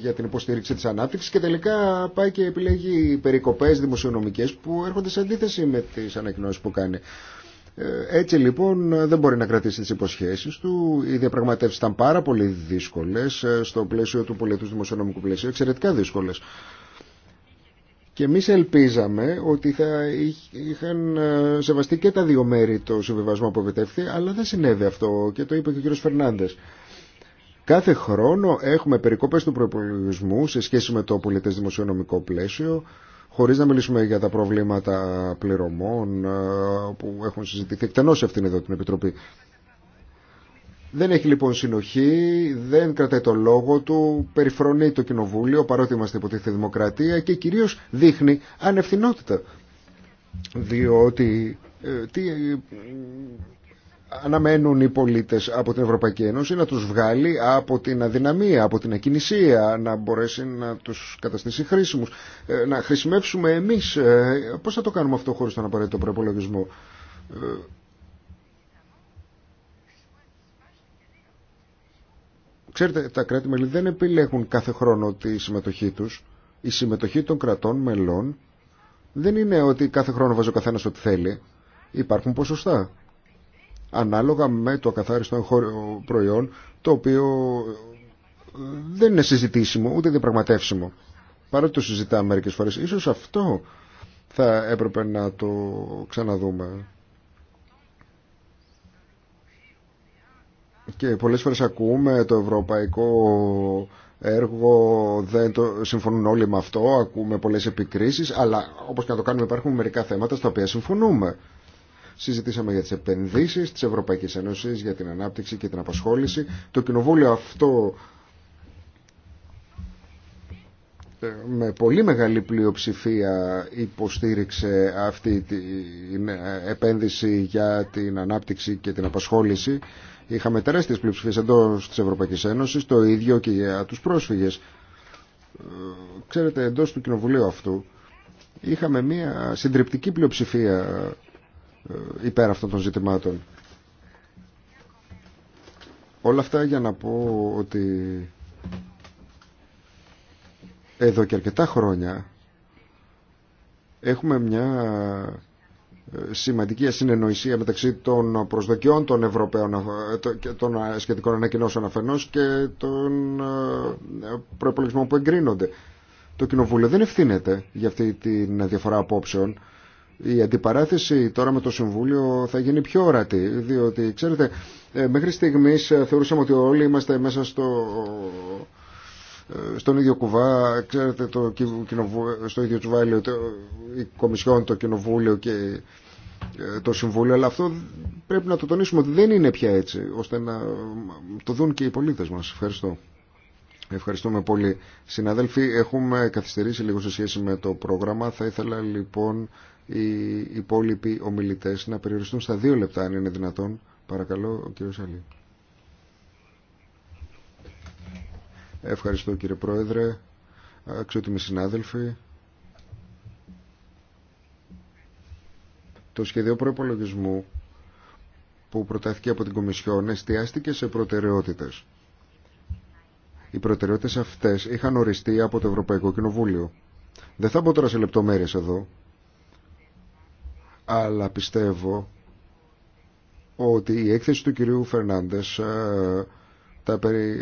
για την υποστήριξη της ανάπτυξης και τελικά πάει και επιλέγει περικοπές δημοσιονομικές που έρχονται σε αντίθεση με τις ανακοινώσεις που κάνει. Έτσι λοιπόν δεν μπορεί να κρατήσει τις υποσχέσεις του. Οι διαπραγματεύσεις ήταν πάρα πολύ δύσκολες στο πλαίσιο του πολιτού δημοσιονομικού πλαίσιου, εξαιρετικά δύσκολες. Και εμείς ελπίζαμε ότι θα είχαν ε, σεβαστεί και τα δύο μέρη το συμβιβασμό που επιτεύχθη, αλλά δεν συνέβη αυτό και το είπε και ο κύριος Φερνάνδες. Κάθε χρόνο έχουμε περικόπες του προπολογισμού σε σχέση με το πολιτές δημοσιονομικό πλαίσιο, χωρίς να μιλήσουμε για τα προβλήματα πληρωμών ε, που έχουν συζητηθεί εκτενώς σε αυτήν εδώ την Επιτροπή. Δεν έχει λοιπόν συνοχή, δεν κρατάει το λόγο του, περιφρονεί το κοινοβούλιο παρότι είμαστε τη δημοκρατία και κυρίως δείχνει ανευθυνότητα. Διότι ε, τι, ε, αναμένουν οι πολίτες από την Ευρωπαϊκή Ένωση να τους βγάλει από την αδυναμία, από την ακινησία, να μπορέσει να τους καταστήσει χρήσιμους, ε, να χρησιμεύσουμε εμείς. Πώς θα το κάνουμε αυτό χωρίς τον απαραίτητο προπολογισμό. Ξέρετε, τα κράτη-μέλη δεν επιλέγουν κάθε χρόνο τη συμμετοχή τους. Η συμμετοχή των κρατών μελών δεν είναι ότι κάθε χρόνο βάζει ο καθένα ό,τι θέλει. Υπάρχουν ποσοστά. Ανάλογα με το ακαθάριστο προϊόν, το οποίο ε, δεν είναι συζητήσιμο, ούτε διαπραγματεύσιμο. Παρότι το συζητάμε μερικέ φορές. Ίσως αυτό θα έπρεπε να το ξαναδούμε. Και πολλές φορές ακούμε το ευρωπαϊκό έργο, δεν το, συμφωνούν όλοι με αυτό, ακούμε πολλές επικρίσεις, αλλά όπως και να το κάνουμε υπάρχουν μερικά θέματα στα οποία συμφωνούμε. Συζητήσαμε για τις επενδύσεις της Ευρωπαϊκής Ένωσης, για την ανάπτυξη και την απασχόληση. Το κοινοβούλιο αυτό ε, με πολύ μεγάλη πλειοψηφία υποστήριξε αυτή την ε, επένδυση για την ανάπτυξη και την απασχόληση Είχαμε τεράστιες πλειοψηφίες εντό τη Ευρωπαϊκή Ένωση, το ίδιο και για τους πρόσφυγες. Ε, ξέρετε, εντός του κοινοβουλίου αυτού είχαμε μια συντριπτική πλειοψηφία ε, υπέρ αυτών των ζητημάτων. Όλα αυτά για να πω ότι εδώ και αρκετά χρόνια έχουμε μια σημαντική ασυνεννοησία μεταξύ των προσδοκιών των Ευρωπαίων ε, των ε, σχετικών ανακοινώσεων αφενός και των ε, προπολογισμών που εγκρίνονται. Το Κοινοβούλιο δεν ευθύνεται για αυτή τη διαφορά απόψεων. Η αντιπαράθεση τώρα με το Συμβούλιο θα γίνει πιο ορατή, διότι, ξέρετε, μέχρι στιγμής θεωρούσαμε ότι όλοι είμαστε μέσα στο στον ίδιο κουβά, ξέρετε, το στο ίδιο τσουβάλιο το, η Κομισιόν, το Κοινοβούλιο και ε, το Συμβούλιο, αλλά αυτό πρέπει να το τονίσουμε ότι δεν είναι πια έτσι, ώστε να το δουν και οι πολίτες μας. Ευχαριστώ. Ευχαριστούμε πολύ. Συναδέλφοι, έχουμε καθυστερήσει λίγο σε σχέση με το πρόγραμμα. Θα ήθελα λοιπόν οι υπόλοιποι ομιλητές να περιοριστούν στα δύο λεπτά, αν είναι δυνατόν. Παρακαλώ, κύριε Σαλή. Ευχαριστώ κύριε Πρόεδρε, αξιότιμοι συνάδελφοι. Το σχέδιο προπολογισμού που προτάθηκε από την Κομισιόν εστιάστηκε σε προτεραιότητες. Οι προτεραιότητες αυτές είχαν οριστεί από το Ευρωπαϊκό Κοινοβούλιο. Δεν θα μπω τώρα σε λεπτομέρειες εδώ, αλλά πιστεύω ότι η έκθεση του κυρίου Φερνάντες ε, τα, περι...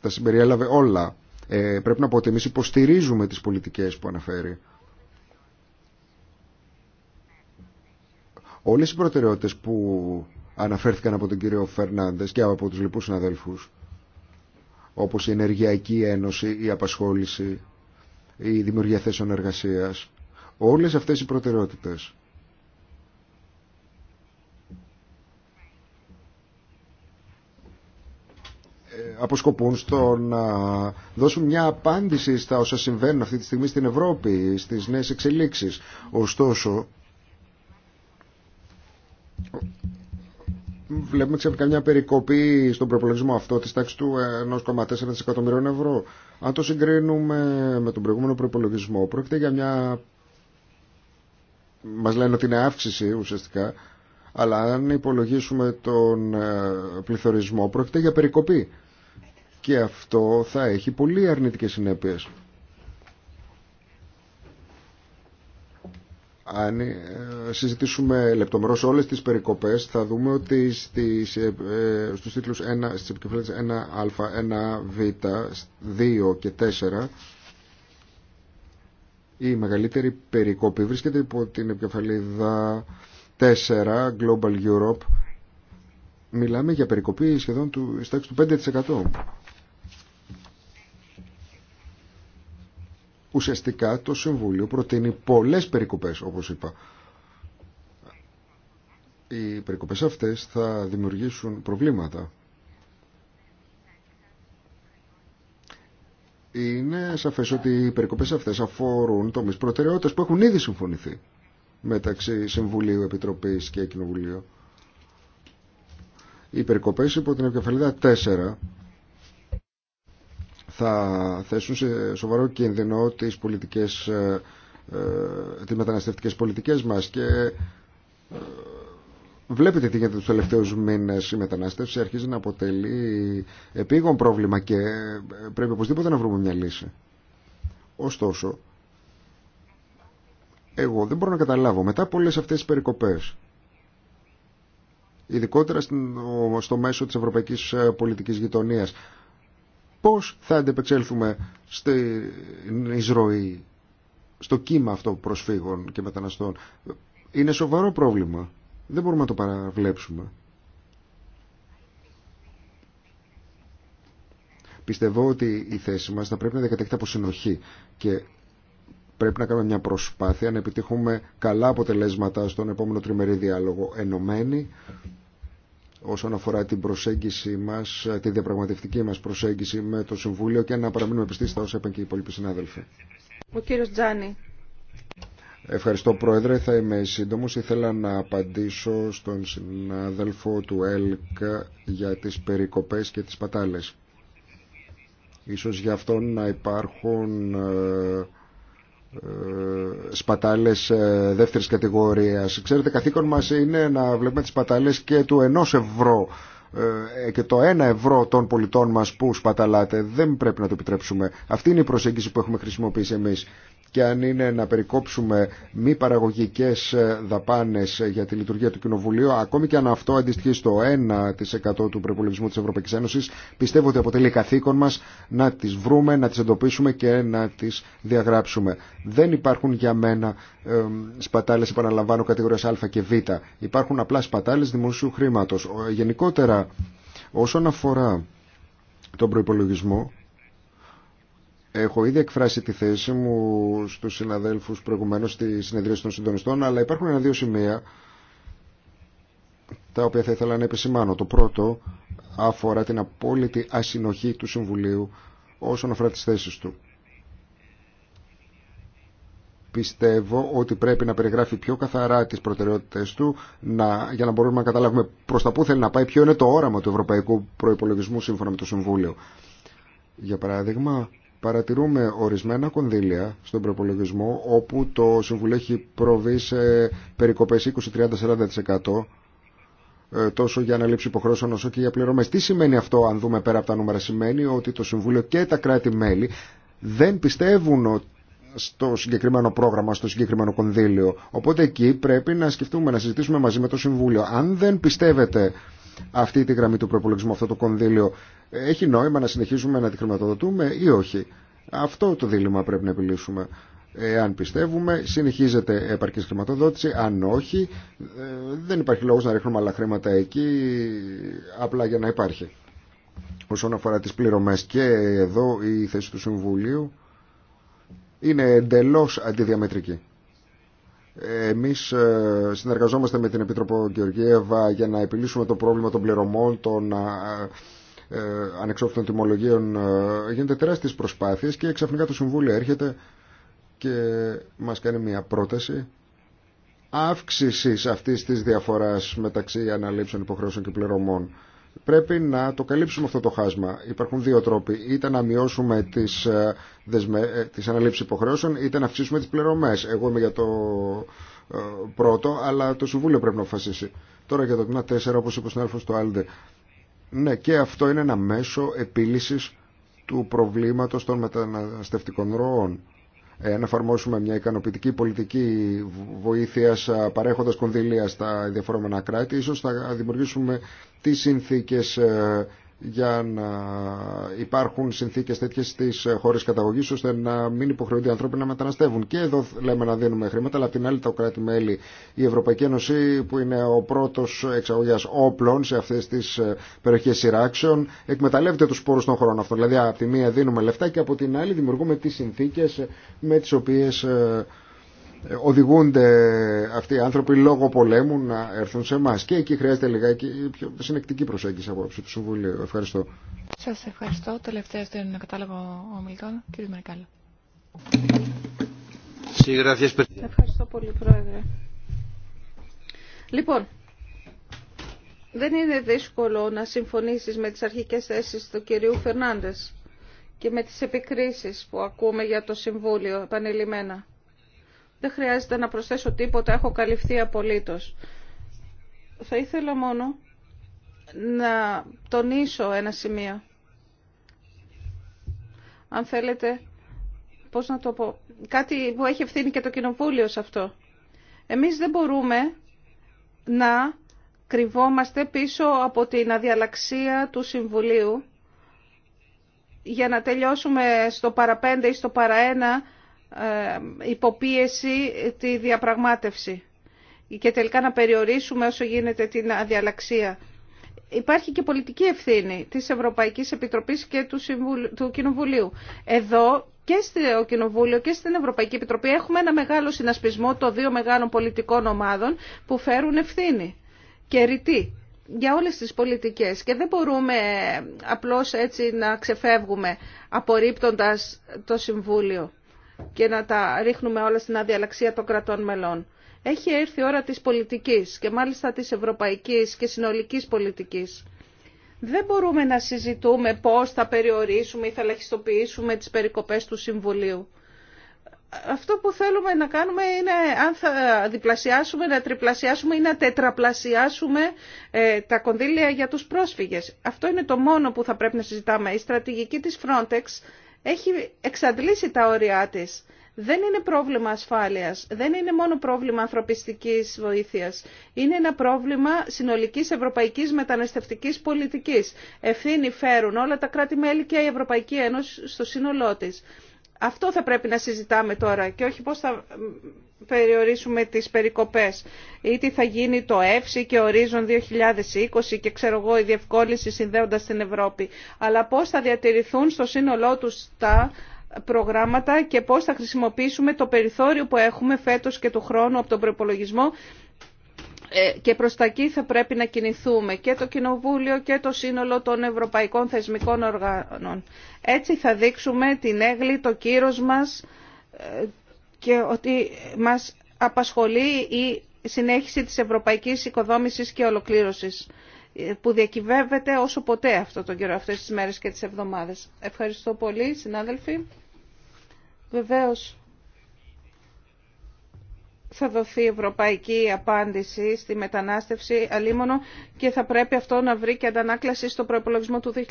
τα συμπεριέλαβε όλα. Ε, πρέπει να πω ότι εμείς υποστηρίζουμε τις πολιτικές που αναφέρει. Όλες οι προτεραιότητες που αναφέρθηκαν από τον κύριο Φερνάντες και από τους λοιπούς συναδέλφους, όπως η Ενεργειακή Ένωση, η Απασχόληση, η Δημιουργία Θέσεων Εργασίας, όλες αυτές οι προτεραιότητες αποσκοπούν στο να δώσουν μια απάντηση στα όσα συμβαίνουν αυτή τη στιγμή στην Ευρώπη, στις νέες εξελίξεις. Ωστόσο, βλέπουμε ξαφνικά μια περικοπή στον προπολογισμό αυτό της τάξης του 1,4 δισεκατομμυρίων ευρώ. Αν το συγκρίνουμε με τον προηγούμενο προπολογισμό, πρόκειται για μια... Μας λένε ότι είναι αύξηση ουσιαστικά, αλλά αν υπολογίσουμε τον ε, πληθωρισμό, πρόκειται για περικοπή και αυτό θα έχει πολύ αρνητικές συνέπειες. Αν ε, συζητήσουμε λεπτομερώς όλες τις περικοπές θα δούμε ότι στις, ε, ε, στους τίτλους 1, στις 1 1α, 1β, 2 και 4 η μεγαλύτερη περικοπή βρίσκεται υπό την επικεφαλίδα 4 Global Europe. Μιλάμε για περικοπή σχεδόν του, του 5%. ουσιαστικά το Συμβούλιο προτείνει πολλές περικοπές, όπως είπα. Οι περικοπές αυτές θα δημιουργήσουν προβλήματα. Είναι σαφές ότι οι περικοπές αυτές αφορούν τομείς προτεραιότητας που έχουν ήδη συμφωνηθεί μεταξύ Συμβουλίου, Επιτροπής και Κοινοβουλίου. Οι περικοπές υπό την επικεφαλίδα 4 θα θέσουν σε σοβαρό κίνδυνο τις πολιτικές, ε, ε τις μεταναστευτικές πολιτικές μας και ε, βλέπετε τι γίνεται τους τελευταίους μήνες η μετανάστευση αρχίζει να αποτελεί επίγον πρόβλημα και ε, πρέπει οπωσδήποτε να βρούμε μια λύση. Ωστόσο, εγώ δεν μπορώ να καταλάβω μετά από όλες αυτές τις περικοπές ειδικότερα στο μέσο της ευρωπαϊκής πολιτικής γειτονίας πώς θα αντεπεξέλθουμε στην εισρωή, στο κύμα αυτό προσφύγων και μεταναστών. Είναι σοβαρό πρόβλημα. Δεν μπορούμε να το παραβλέψουμε. Πιστεύω ότι η θέση μας θα πρέπει να διακατέχεται από συνοχή και πρέπει να κάνουμε μια προσπάθεια να επιτύχουμε καλά αποτελέσματα στον επόμενο τριμερή διάλογο ενωμένοι όσον αφορά την προσέγγιση μας, τη διαπραγματευτική μας προσέγγιση με το Συμβούλιο και να παραμείνουμε πιστοί στα όσα είπαν και οι υπόλοιποι συνάδελφοι. Ο κύριος Τζάνι. Ευχαριστώ Πρόεδρε, θα είμαι σύντομο. Ήθελα να απαντήσω στον συνάδελφο του ΕΛΚ για τις περικοπές και τις πατάλες. Ίσως γι' αυτό να υπάρχουν ε, ε, σπατάλες ε, δεύτερης κατηγορίας. Ξέρετε, καθήκον μας είναι να βλέπουμε τις σπατάλες και του ενός ευρώ ε, και το 1 ευρώ των πολιτών μα που σπαταλάτε δεν πρέπει να το επιτρέψουμε. Αυτή είναι η προσέγγιση που έχουμε χρησιμοποιήσει εμεί. και αν είναι να περικόψουμε μη παραγωγικέ ε, δαπάνε για τη λειτουργία του Κοινοβουλίου, ακόμη και αν αυτό αντιστοιχεί στο 1% του προπολογισμού τη Ευρωπαϊκής Ένωσης, πιστεύω ότι αποτελεί καθήκον μα να τι βρούμε, να τι εντοπίσουμε και να τι διαγράψουμε. Δεν υπάρχουν για μένα ε, σπατάλες, επαναλαμβάνω, κατηγορία Α και Β. Υπάρχουν απλά σπατάλε δημόσιου χρήματο. Γενικότερα όσον αφορά τον προϋπολογισμό, έχω ήδη εκφράσει τη θέση μου στους συναδέλφους προηγουμένως στη συνεδρίαση των συντονιστών, αλλά υπάρχουν ένα-δύο σημεία τα οποία θα ήθελα να επισημάνω. Το πρώτο αφορά την απόλυτη ασυνοχή του Συμβουλίου όσον αφορά τις θέσεις του πιστεύω ότι πρέπει να περιγράφει πιο καθαρά τι προτεραιότητε του να, για να μπορούμε να καταλάβουμε προ τα πού θέλει να πάει, ποιο είναι το όραμα του Ευρωπαϊκού προπολογισμού σύμφωνα με το Συμβούλιο. Για παράδειγμα, παρατηρούμε ορισμένα κονδύλια στον προπολογισμό όπου το Συμβουλίο έχει προβεί σε περικοπές 20, 30, 40% τόσο για αναλήψη υποχρεώσεων όσο και για πληρωμές. Τι σημαίνει αυτό αν δούμε πέρα από τα νούμερα. Σημαίνει ότι το Συμβούλιο και τα κράτη-μέλη δεν πιστεύουν στο συγκεκριμένο πρόγραμμα, στο συγκεκριμένο κονδύλιο. Οπότε εκεί πρέπει να σκεφτούμε, να συζητήσουμε μαζί με το Συμβούλιο. Αν δεν πιστεύετε αυτή τη γραμμή του προπολογισμού, αυτό το κονδύλιο, έχει νόημα να συνεχίσουμε να τη χρηματοδοτούμε ή όχι. Αυτό το δίλημα πρέπει να επιλύσουμε. Εάν πιστεύουμε, συνεχίζεται επαρκή χρηματοδότηση. Αν όχι, ε, δεν υπάρχει λόγο να ρίχνουμε άλλα χρήματα εκεί, απλά για να υπάρχει. Όσον αφορά τι πληρωμέ και εδώ η θέση του Συμβουλίου είναι εντελώ αντιδιαμετρική. Εμείς ε, συνεργαζόμαστε με την Επίτροπο Γεωργίευα για να επιλύσουμε το πρόβλημα των πληρωμών, των ε, ε, ανεξόφλητων τιμολογίων. Γίνεται τεράστιε προσπάθειε και ξαφνικά το Συμβούλιο έρχεται και μας κάνει μια πρόταση αύξηση αυτής της διαφοράς μεταξύ αναλήψεων υποχρεώσεων και πληρωμών. Πρέπει να το καλύψουμε αυτό το χάσμα. Υπάρχουν δύο τρόποι. Είτε να μειώσουμε τις, ε, δεσμε... Ε, τις αναλήψεις υποχρεώσεων, είτε να αυξήσουμε τις πληρωμές. Εγώ είμαι για το ε, πρώτο, αλλά το Συμβούλιο πρέπει να αποφασίσει. Τώρα για το τμήμα 4, όπως είπε ο συνάδελφος του Άλντε. Ναι, και αυτό είναι ένα μέσο επίλυσης του προβλήματος των μεταναστευτικών ροών να εφαρμόσουμε μια ικανοποιητική πολιτική βοήθειας παρέχοντας κονδυλία στα διαφορετικά κράτη, ίσως θα δημιουργήσουμε τις συνθήκες για να υπάρχουν συνθήκες τέτοιες στις χώρες καταγωγής ώστε να μην υποχρεούνται οι άνθρωποι να μεταναστεύουν. Και εδώ λέμε να δίνουμε χρήματα, αλλά την άλλη τα κράτη-μέλη, η Ευρωπαϊκή Ένωση που είναι ο πρώτος εξαγωγιάς όπλων σε αυτές τις ε, περιοχές σειράξεων, εκμεταλλεύεται τους πόρους των χωρών αυτών. Δηλαδή από τη μία δίνουμε λεφτά και από την άλλη δημιουργούμε τις συνθήκες με τις οποίες ε, οδηγούνται αυτοί οι άνθρωποι λόγω πολέμου να έρθουν σε εμά. Και εκεί χρειάζεται λιγάκι πιο συνεκτική προσέγγιση από του Συμβουλίου. Ευχαριστώ. Σα ευχαριστώ. Τελευταία Τελευταίο είναι κατάλογο Μιλτών. κύριε Μερικάλη. Ευχαριστώ πολύ, Πρόεδρε. Λοιπόν, δεν είναι δύσκολο να συμφωνήσεις με τις αρχικές θέσεις του κυρίου Φερνάντες και με τις επικρίσεις που ακούμε για το Συμβούλιο επανειλημμένα. Δεν χρειάζεται να προσθέσω τίποτα, έχω καλυφθεί απολύτως. Θα ήθελα μόνο να τονίσω ένα σημείο. Αν θέλετε, πώς να το πω, κάτι που έχει ευθύνη και το Κοινοβούλιο σε αυτό. Εμείς δεν μπορούμε να κρυβόμαστε πίσω από την αδιαλαξία του Συμβουλίου για να τελειώσουμε στο παραπέντε ή στο παραένα ε, υποπίεση τη διαπραγμάτευση και τελικά να περιορίσουμε όσο γίνεται την αδιαλαξία. Υπάρχει και πολιτική ευθύνη της Ευρωπαϊκής Επιτροπής και του, του Κοινοβουλίου. Εδώ και στο Κοινοβούλιο και στην Ευρωπαϊκή Επιτροπή έχουμε ένα μεγάλο συνασπισμό των δύο μεγάλων πολιτικών ομάδων που φέρουν ευθύνη και ρητή για όλες τις πολιτικές και δεν μπορούμε απλώς έτσι να ξεφεύγουμε απορρίπτοντας το Συμβούλιο και να τα ρίχνουμε όλα στην αδιαλαξία των κρατών μελών. Έχει έρθει η ώρα της πολιτικής και μάλιστα της ευρωπαϊκής και συνολικής πολιτικής. Δεν μπορούμε να συζητούμε πώς θα περιορίσουμε ή θα λαχιστοποιήσουμε τις περικοπές του Συμβουλίου. Αυτό που θέλουμε να κάνουμε είναι αν θα διπλασιάσουμε, να τριπλασιάσουμε ή να τετραπλασιάσουμε ε, τα κονδύλια για τους πρόσφυγες. Αυτό είναι το μόνο που θα πρέπει να συζητάμε. Η στρατηγική της Frontex έχει εξαντλήσει τα όρια της. Δεν είναι πρόβλημα ασφάλειας, δεν είναι μόνο πρόβλημα ανθρωπιστικής βοήθειας. Είναι ένα πρόβλημα συνολικής ευρωπαϊκής μεταναστευτικής πολιτικής. Ευθύνη φέρουν όλα τα κράτη-μέλη και η Ευρωπαϊκή Ένωση στο σύνολό της. Αυτό θα πρέπει να συζητάμε τώρα και όχι πώς θα περιορίσουμε τις περικοπές ή τι θα γίνει το ΕΦΣΙ και ορίζον 2020 και ξέρω εγώ η διευκόλυνση συνδέοντας την Ευρώπη. Αλλά πώς θα διατηρηθούν στο σύνολό τους τα προγράμματα και πώς θα χρησιμοποιήσουμε το περιθώριο που έχουμε φέτος και του χρόνου από τον προπολογισμό ε, και προς τα εκεί θα πρέπει να κινηθούμε και το Κοινοβούλιο και το σύνολο των ευρωπαϊκών θεσμικών οργάνων. Έτσι θα δείξουμε την έγκλη, το κύρος μας ε, και ότι μας απασχολεί η συνέχιση της ευρωπαϊκής οικοδόμησης και ολοκλήρωσης ε, που διακυβεύεται όσο ποτέ αυτό τον καιρό αυτές τις μέρες και τις εβδομάδες. Ευχαριστώ πολύ συνάδελφοι. Βεβαίως θα δοθεί ευρωπαϊκή απάντηση στη μετανάστευση αλίμονο και θα πρέπει αυτό να βρει και αντανάκλαση στο προπολογισμό του 2016.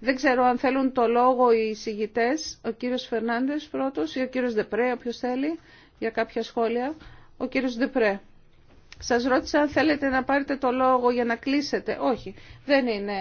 Δεν ξέρω αν θέλουν το λόγο οι συγητές, ο κύριο Φερνάντε πρώτο ή ο κύριο Δεπρέ, όποιο θέλει, για κάποια σχόλια. Ο κύριος Δεπρέ. Σας ρώτησα αν θέλετε να πάρετε το λόγο για να κλείσετε. Όχι, δεν είναι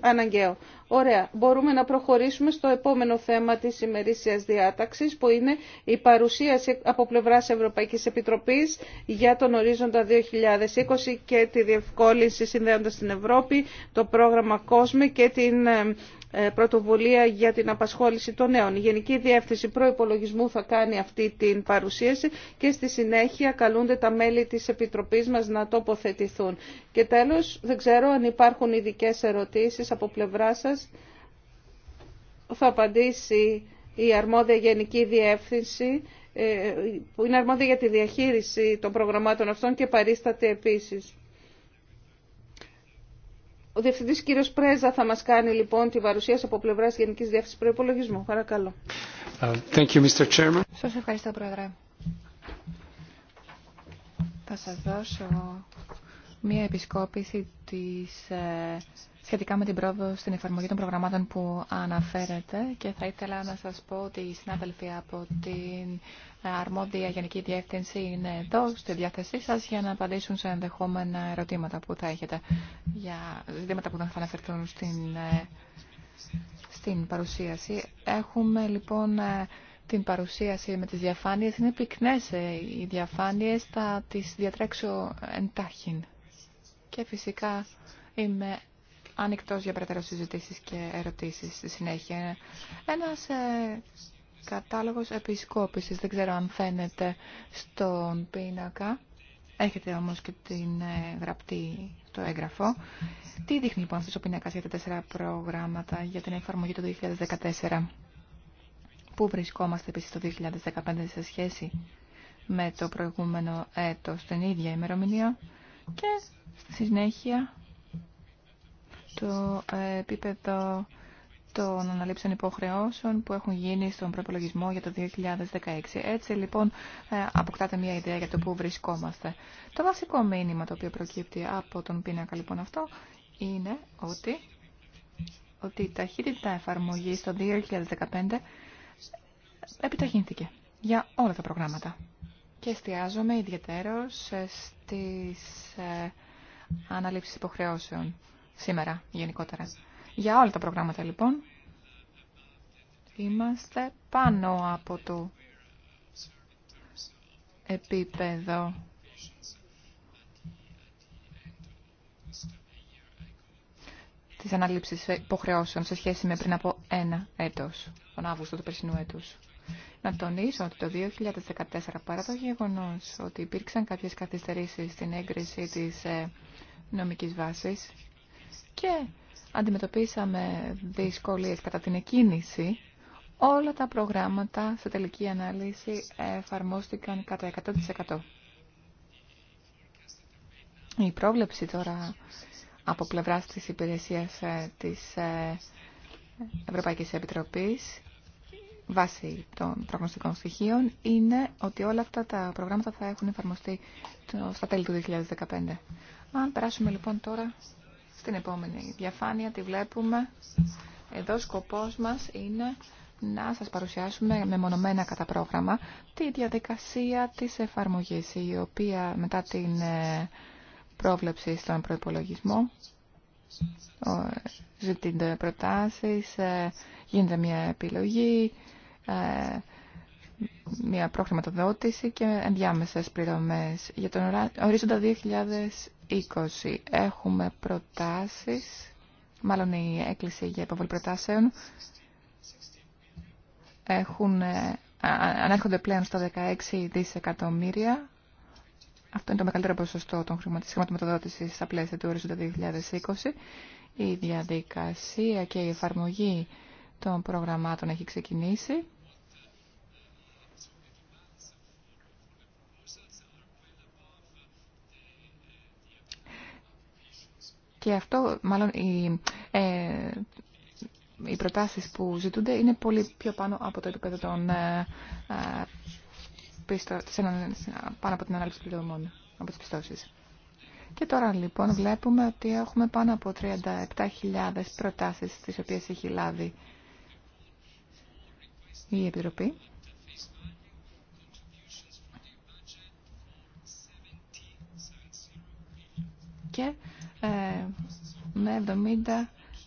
αναγκαίο. Ωραία, μπορούμε να προχωρήσουμε στο επόμενο θέμα της ημερήσιας διάταξης που είναι η παρουσίαση από πλευράς Ευρωπαϊκής Επιτροπής για τον ορίζοντα 2020 και τη διευκόλυνση συνδέοντας την Ευρώπη, το πρόγραμμα COSME και την ε, ε, πρωτοβουλία για την απασχόληση των νέων. Η Γενική Διεύθυνση Προϋπολογισμού θα κάνει αυτή την παρουσίαση και στη συνέχεια καλούνται τα μέλη της Επιτροπής μας να τοποθετηθούν. Και τέλος, δεν ξέρω αν υπάρχουν ειδικέ ερωτήσεις από πλευρά σας. Θα απαντήσει η αρμόδια Γενική Διεύθυνση ε, που είναι αρμόδια για τη διαχείριση των προγραμμάτων αυτών και παρίσταται επίσης. Ο διευθυντή κύριο Πρέζα θα μας κάνει λοιπόν τη παρουσίαση από πλευρά Γενικής διεύθυνση προπολογισμού. Παρακαλώ. Uh, thank Σας ευχαριστώ, Πρόεδρε. Θα σας δώσω μία επισκόπηση της, ε, σχετικά με την πρόοδο στην εφαρμογή των προγραμμάτων που αναφέρετε και θα ήθελα να σας πω ότι οι συνάδελφοι από την αρμόδια Γενική Διεύθυνση είναι εδώ στη διάθεσή σας για να απαντήσουν σε ενδεχόμενα ερωτήματα που θα έχετε για ζητήματα που θα αναφερθούν στην, ε, στην παρουσίαση. Έχουμε λοιπόν ε, την παρουσίαση με τις διαφάνειες. Είναι πυκνές ε, οι διαφάνειες, θα τις διατρέξω εντάχυν. Και φυσικά είμαι ανοιχτός για περαιτέρω συζητήσεις και ερωτήσεις στη συνέχεια. Ένας κατάλογος επισκόπησης. Δεν ξέρω αν φαίνεται στον πίνακα. Έχετε όμως και την ε, γραπτή το έγγραφο. Τι δείχνει λοιπόν αυτός ο πίνακας για τα τέσσερα προγράμματα για την εφαρμογή του 2014. Πού βρισκόμαστε επίσης το 2015 σε σχέση με το προηγούμενο έτος την ίδια ημερομηνία και στη συνέχεια το ε, επίπεδο των αναλήψεων υποχρεώσεων που έχουν γίνει στον προπολογισμό για το 2016. Έτσι λοιπόν ε, αποκτάτε μια ιδέα για το που βρισκόμαστε. Το βασικό μήνυμα το οποίο προκύπτει από τον πίνακα λοιπόν αυτό είναι ότι, ότι η ταχύτητα εφαρμογή το 2015 επιταχύνθηκε για όλα τα προγράμματα. Και εστιάζομαι ιδιαίτερως ε, στις ε, αναλήψεις υποχρεώσεων σήμερα γενικότερα. Για όλα τα προγράμματα λοιπόν είμαστε πάνω από το επίπεδο της αναλήψη υποχρεώσεων σε σχέση με πριν από ένα έτος, τον Αύγουστο του περσινού έτους. Να τονίσω ότι το 2014, παρά το γεγονό ότι υπήρξαν κάποιες καθυστερήσεις στην έγκριση της ε, νομικής βάσης και αντιμετωπίσαμε δυσκολίες κατά την εκκίνηση, όλα τα προγράμματα σε τελική ανάλυση εφαρμόστηκαν κατά 100%. Η πρόβλεψη τώρα από πλευράς της υπηρεσίας ε, της ε, Ευρωπαϊκής Επιτροπής βάσει των προγνωστικών στοιχείων είναι ότι όλα αυτά τα προγράμματα θα έχουν εφαρμοστεί στα τέλη του 2015. Αν περάσουμε λοιπόν τώρα στην επόμενη διαφάνεια τη βλέπουμε. Εδώ σκοπός μας είναι να σας παρουσιάσουμε μεμονωμένα κατά πρόγραμμα τη διαδικασία της εφαρμογής, η οποία μετά την ε, πρόβλεψη στον προϋπολογισμό ζητείται προτάσεις, ε, γίνεται μια επιλογή, ε, μια προχρηματοδότηση και ενδιάμεσες πληρωμές για τον ορίζοντα 20. Έχουμε προτάσεις, μάλλον η έκκληση για υποβολή προτάσεων έχουν, ε, ανέρχονται πλέον στα 16 δισεκατομμύρια. Αυτό είναι το μεγαλύτερο ποσοστό των χρηματοδότησης στα πλαίσια του ορίζοντα 2020. Η διαδικασία και η εφαρμογή των προγραμμάτων έχει ξεκινήσει. Και αυτό, μάλλον οι, ε, προτάσεις που ζητούνται είναι πολύ πιο πάνω από το επίπεδο των, ε, ε πάνω από την ανάλυση πληρωμών, από τις πιστώσεις. Και τώρα λοιπόν βλέπουμε ότι έχουμε πάνω από 37.000 προτάσεις τις οποίες έχει λάβει η Επιτροπή. Και ε, με 70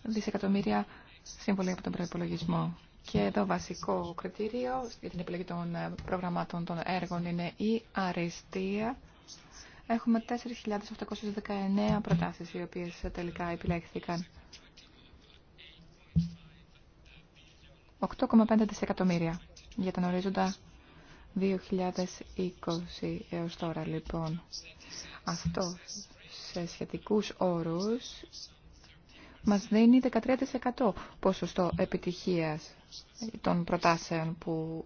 δισεκατομμύρια σύμβολοι από τον προπολογισμό. Και το βασικό κριτήριο για την επιλογή των ε, προγραμμάτων των έργων είναι η αριστεία. Έχουμε 4.819 προτάσεις οι οποίες τελικά επιλέχθηκαν. 8,5 δισεκατομμύρια για τον ορίζοντα 2020 έως τώρα λοιπόν. Αυτό σε σχετικούς όρους μας δίνει 13% ποσοστό επιτυχίας των προτάσεων που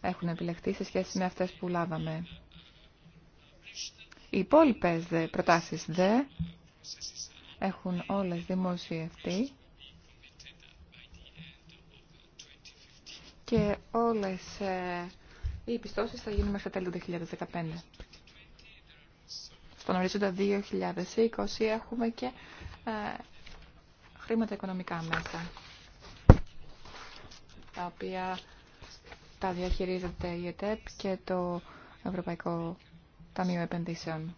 έχουν επιλεχθεί σε σχέση με αυτές που λάβαμε. Οι υπόλοιπε προτάσεις δε έχουν όλες δημοσιευτεί και όλες ε, οι πιστώσεις θα γίνουν μέχρι το τέλος του 2015. Στον ορίζοντα 2020 έχουμε και ε, χρήματα οικονομικά μέσα, τα οποία τα διαχειρίζεται η ΕΤΕΠ και το Ευρωπαϊκό Ταμείο Επενδύσεων.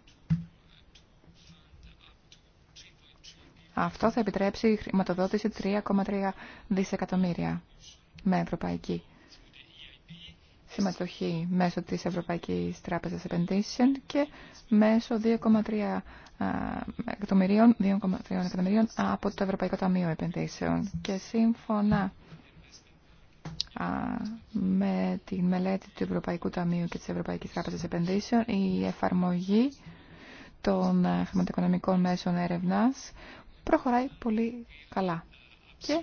Αυτό θα επιτρέψει χρηματοδότηση 3,3 δισεκατομμύρια με ευρωπαϊκή συμμετοχή μέσω της Ευρωπαϊκής Τράπεζας Επενδύσεων και μέσω 2,3 εκατομμυρίων, 2,3 εκατομμυρίων από το Ευρωπαϊκό Ταμείο Επενδύσεων. Και σύμφωνα με τη μελέτη του Ευρωπαϊκού Ταμείου και της Ευρωπαϊκής Τράπεζας Επενδύσεων, η εφαρμογή των χρηματοοικονομικών μέσων έρευνας προχωράει πολύ καλά. Και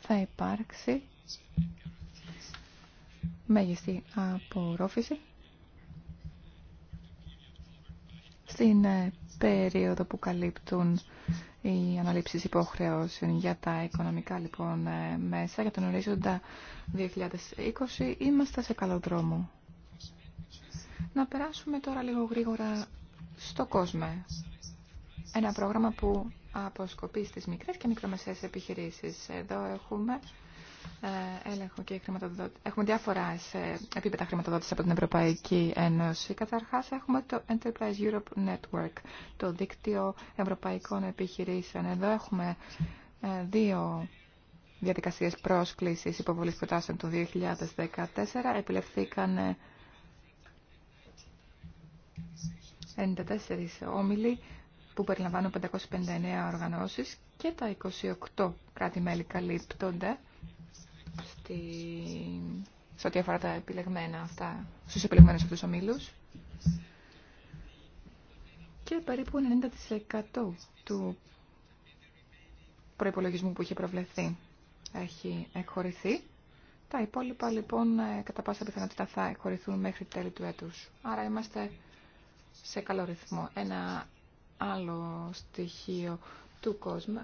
θα υπάρξει μέγιστη απορρόφηση στην ε, περίοδο που καλύπτουν οι αναλήψεις υποχρεώσεων για τα οικονομικά λοιπόν ε, μέσα για τον ορίζοντα 2020 είμαστε σε καλό δρόμο. Να περάσουμε τώρα λίγο γρήγορα στο κόσμο. Ένα πρόγραμμα που αποσκοπεί στις μικρές και μικρομεσαίες επιχειρήσεις. Εδώ έχουμε ε, έλεγχο και χρηματοδότηση. Έχουμε διάφορα επίπεδα χρηματοδότηση από την Ευρωπαϊκή Ένωση. Καταρχά, έχουμε το Enterprise Europe Network, το δίκτυο ευρωπαϊκών επιχειρήσεων. Εδώ έχουμε ε, δύο διαδικασίε πρόσκληση υποβολής προτάσεων του 2014. Επιλεφθήκαν 94 όμιλοι που περιλαμβάνουν 559 οργανώσεις και τα 28 κράτη-μέλη καλύπτονται στη... σε ό,τι αφορά τα επιλεγμένα αυτά, στους επιλεγμένους αυτούς ομίλους. Και περίπου 90% του προϋπολογισμού που είχε προβλεφθεί έχει εκχωρηθεί. Τα υπόλοιπα λοιπόν ε, κατά πάσα πιθανότητα θα εκχωρηθούν μέχρι τέλη του έτους. Άρα είμαστε σε καλό ρυθμό. Ένα άλλο στοιχείο του κόσμου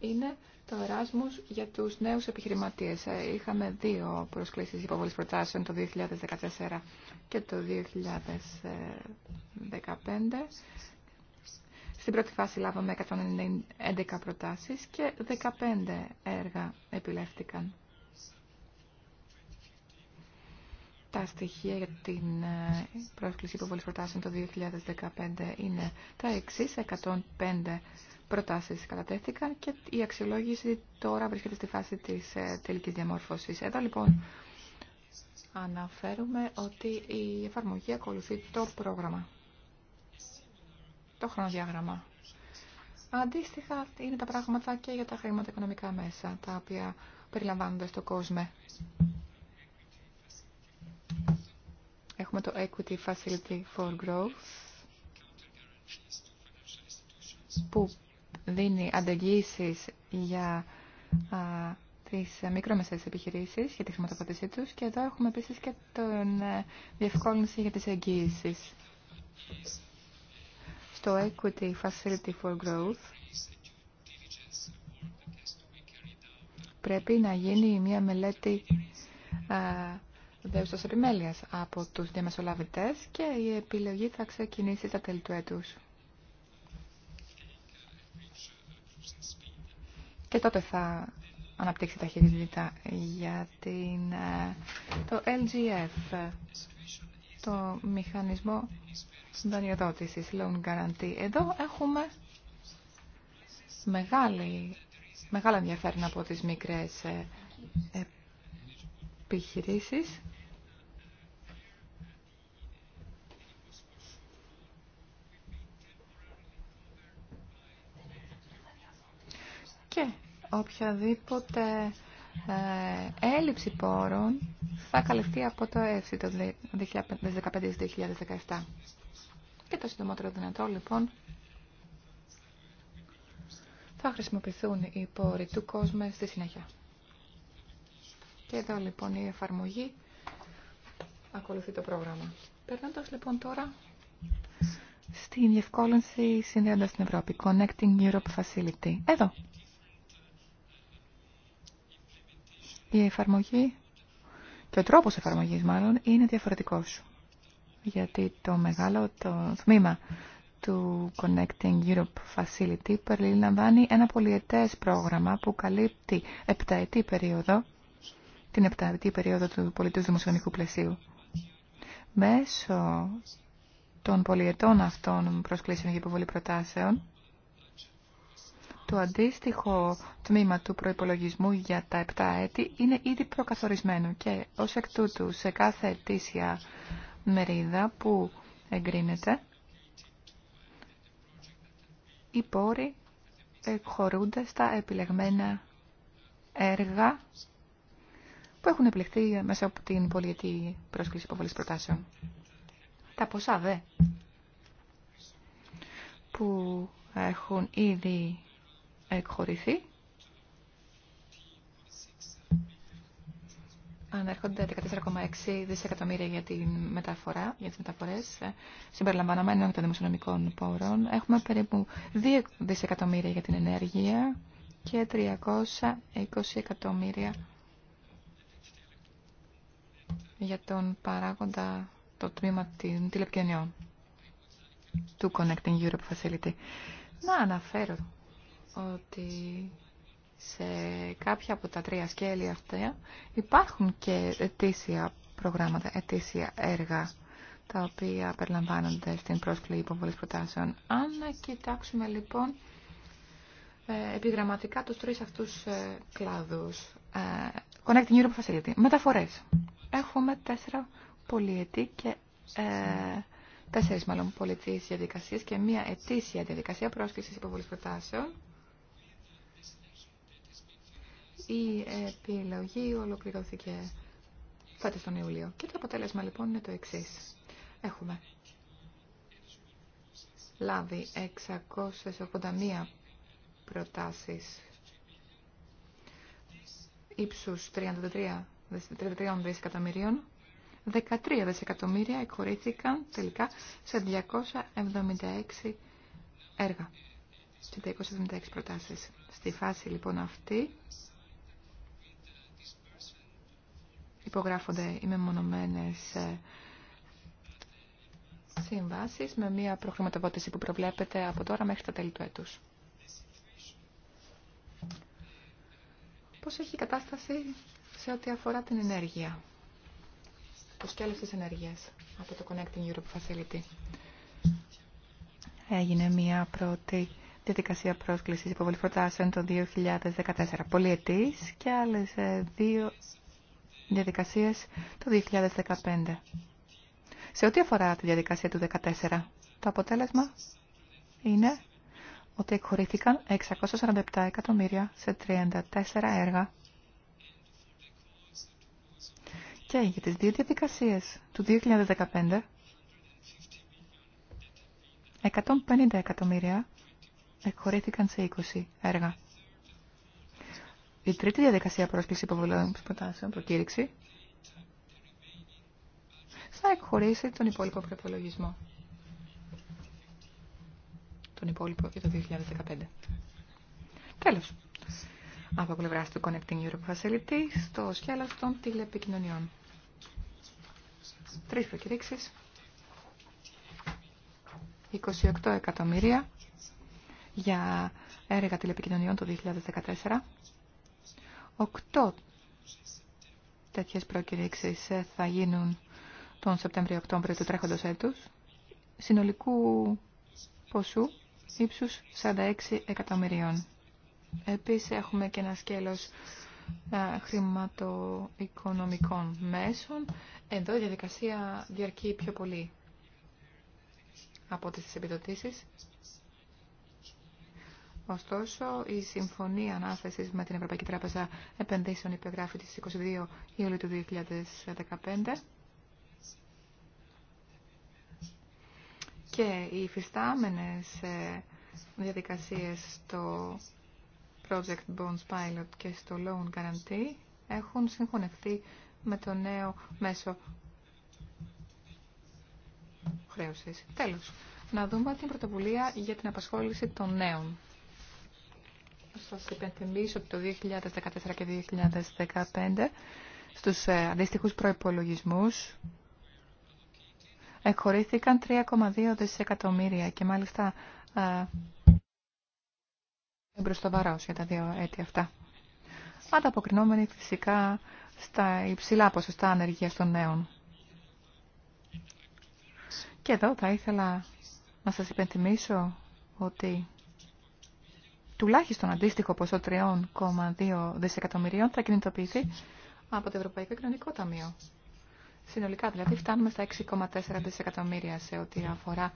είναι το Εράσμου για τους νέους επιχειρηματίες. Ε, είχαμε δύο προσκλήσεις υποβολής προτάσεων το 2014 και το 2015. Στην πρώτη φάση λάβαμε 111 προτάσεις και 15 έργα επιλέχθηκαν. τα στοιχεία για την ε, πρόσκληση υποβολή προτάσεων το 2015 είναι τα εξή. 105 προτάσεις κατατέθηκαν και η αξιολόγηση τώρα βρίσκεται στη φάση της ε, τελικής διαμόρφωσης. Εδώ λοιπόν αναφέρουμε ότι η εφαρμογή ακολουθεί το πρόγραμμα, το χρονοδιάγραμμα. Αντίστοιχα είναι τα πράγματα και για τα χρηματοοικονομικά μέσα, τα οποία περιλαμβάνονται στο κόσμο. Έχουμε το Equity Facility for Growth που δίνει αντεγγύησεις για α, τις μικρομεσαίες επιχειρήσεις για τη χρηματοδότησή τους και εδώ έχουμε επίσης και την ε, διευκόλυνση για τις εγγύησεις. Στο Equity Facility for Growth πρέπει να γίνει μια μελέτη δεύτερος επιμέλειας από τους διαμεσολαβητές και η επιλογή θα ξεκινήσει στα τέλη του Και τότε θα αναπτύξει τα χειρισμήτα για την, ε, το LGF, το μηχανισμό δανειοδότησης, loan guarantee. Εδώ έχουμε μεγάλη, μεγάλο ενδιαφέρον από τις μικρές ε, επιχειρήσεις και οποιαδήποτε έλλειψη πόρων θα καλυφθεί από το το 2015-2017. Και το συντομότερο δυνατό λοιπόν θα χρησιμοποιηθούν οι πόροι του κόσμου στη συνέχεια. Και εδώ λοιπόν η εφαρμογή ακολουθεί το πρόγραμμα. Περνώντα λοιπόν τώρα στην διευκόλυνση συνδέοντας την Ευρώπη, Connecting Europe Facility. Εδώ η εφαρμογή και ο τρόπος εφαρμογής μάλλον είναι διαφορετικός. Γιατί το μεγάλο το τμήμα του Connecting Europe Facility περιλαμβάνει ένα πολυετές πρόγραμμα που καλύπτει επταετή περίοδο, την επταετή περίοδο του πολιτού δημοσιονομικού πλαισίου. Μέσω των πολυετών αυτών προσκλήσεων για υποβολή προτάσεων, το αντίστοιχο τμήμα του προϋπολογισμού για τα 7 έτη είναι ήδη προκαθορισμένο και ως εκ τούτου σε κάθε ετήσια μερίδα που εγκρίνεται οι πόροι χωρούνται στα επιλεγμένα έργα που έχουν επιλεχθεί μέσα από την πολιετή πρόσκληση υποβολής προτάσεων. Τα ποσά δε που έχουν ήδη εκχωρηθεί. Ανέρχονται 14,6 δισεκατομμύρια για, την μεταφορά, για τις μεταφορές ε, συμπεριλαμβανομένων των δημοσιονομικών πόρων. Έχουμε περίπου 2 δισεκατομμύρια για την ενέργεια και 320 εκατομμύρια για τον παράγοντα το τμήμα των τηλεπικοινωνιών του Connecting Europe Facility. Να αναφέρω ότι σε κάποια από τα τρία σκέλη αυτά υπάρχουν και ετήσια προγράμματα, ετήσια έργα τα οποία περιλαμβάνονται στην πρόσκληση υποβολή προτάσεων. Αν κοιτάξουμε λοιπόν ε, επιγραμματικά τους τρεις αυτούς ε, κλάδους, ε, Connecting Europe Facility, μεταφορές. Έχουμε τέσσερα πολιετή και τέσσερις μάλλον πολιτικές διαδικασίες και μία ετήσια διαδικασία πρόσκλησης υποβολής προτάσεων η επιλογή ολοκληρώθηκε φέτος τον Ιούλιο. Και το αποτέλεσμα λοιπόν είναι το εξή. Έχουμε λάβει 681 προτάσεις ύψους 33, 33 δισεκατομμυρίων. 13 δισεκατομμύρια εκχωρήθηκαν τελικά σε 276 έργα Στις 276 προτάσεις. Στη φάση λοιπόν αυτή υπογράφονται οι μεμονωμένες ε, συμβάσεις με μια προχρηματοδότηση που προβλέπεται από τώρα μέχρι τα τέλη του έτους. Πώς έχει η κατάσταση σε ό,τι αφορά την ενέργεια, το σκέλος της ενέργειας από το Connecting Europe Facility. Έγινε μια πρώτη διαδικασία πρόσκλησης υποβολή προτάσεων το 2014, ετής και άλλες ε, δύο διαδικασίες το 2015. Σε ό,τι αφορά τη διαδικασία του 2014, το αποτέλεσμα είναι ότι εκχωρήθηκαν 647 εκατομμύρια σε 34 έργα. Και για τις δύο διαδικασίες του 2015, 150 εκατομμύρια εκχωρήθηκαν σε 20 έργα. Η τρίτη διαδικασία πρόσκληση υποβολών προτάσεων, προκήρυξη, θα εκχωρήσει τον υπόλοιπο προπολογισμό. Τον υπόλοιπο για το 2015. Τέλος. Από πλευρά του Connecting Europe Facility στο σκέλος των τηλεπικοινωνιών. Τρεις προκηρύξεις. 28 εκατομμύρια για έργα τηλεπικοινωνιών το 2014 Οκτώ τέτοιες προκηρύξεις ε, θα γίνουν τον Σεπτέμβριο-Οκτώβριο του τρέχοντος έτους, συνολικού ποσού ύψους 46 εκατομμυρίων. Επίσης έχουμε και ένα σκέλος ε, χρηματοοικονομικών μέσων. Εδώ η διαδικασία διαρκεί πιο πολύ από τις επιδοτήσεις Ωστόσο, η συμφωνία ανάθεση με την Ευρωπαϊκή Τράπεζα Επενδύσεων υπεγράφει τι 22 Ιουλίου του 2015 και οι υφιστάμενε ε, διαδικασίες στο Project Bonds Pilot και στο Loan Guarantee έχουν συγχωνευτεί με το νέο μέσο χρέωσης. Τέλος, να δούμε την πρωτοβουλία για την απασχόληση των νέων. Θα σας υπενθυμίσω ότι το 2014 και 2015 στους ε, αντίστοιχους προϋπολογισμούς εκχωρήθηκαν 3,2 δισεκατομμύρια και μάλιστα ε, βαρό για τα δύο έτη αυτά. Ανταποκρινόμενοι φυσικά στα υψηλά ποσοστά ανεργίας των νέων. Και εδώ θα ήθελα να σας υπενθυμίσω ότι τουλάχιστον αντίστοιχο ποσό 3,2 δισεκατομμυρίων θα κινητοποιηθεί από το Ευρωπαϊκό Κοινωνικό Ταμείο. Συνολικά δηλαδή φτάνουμε στα 6,4 δισεκατομμύρια σε ό,τι αφορά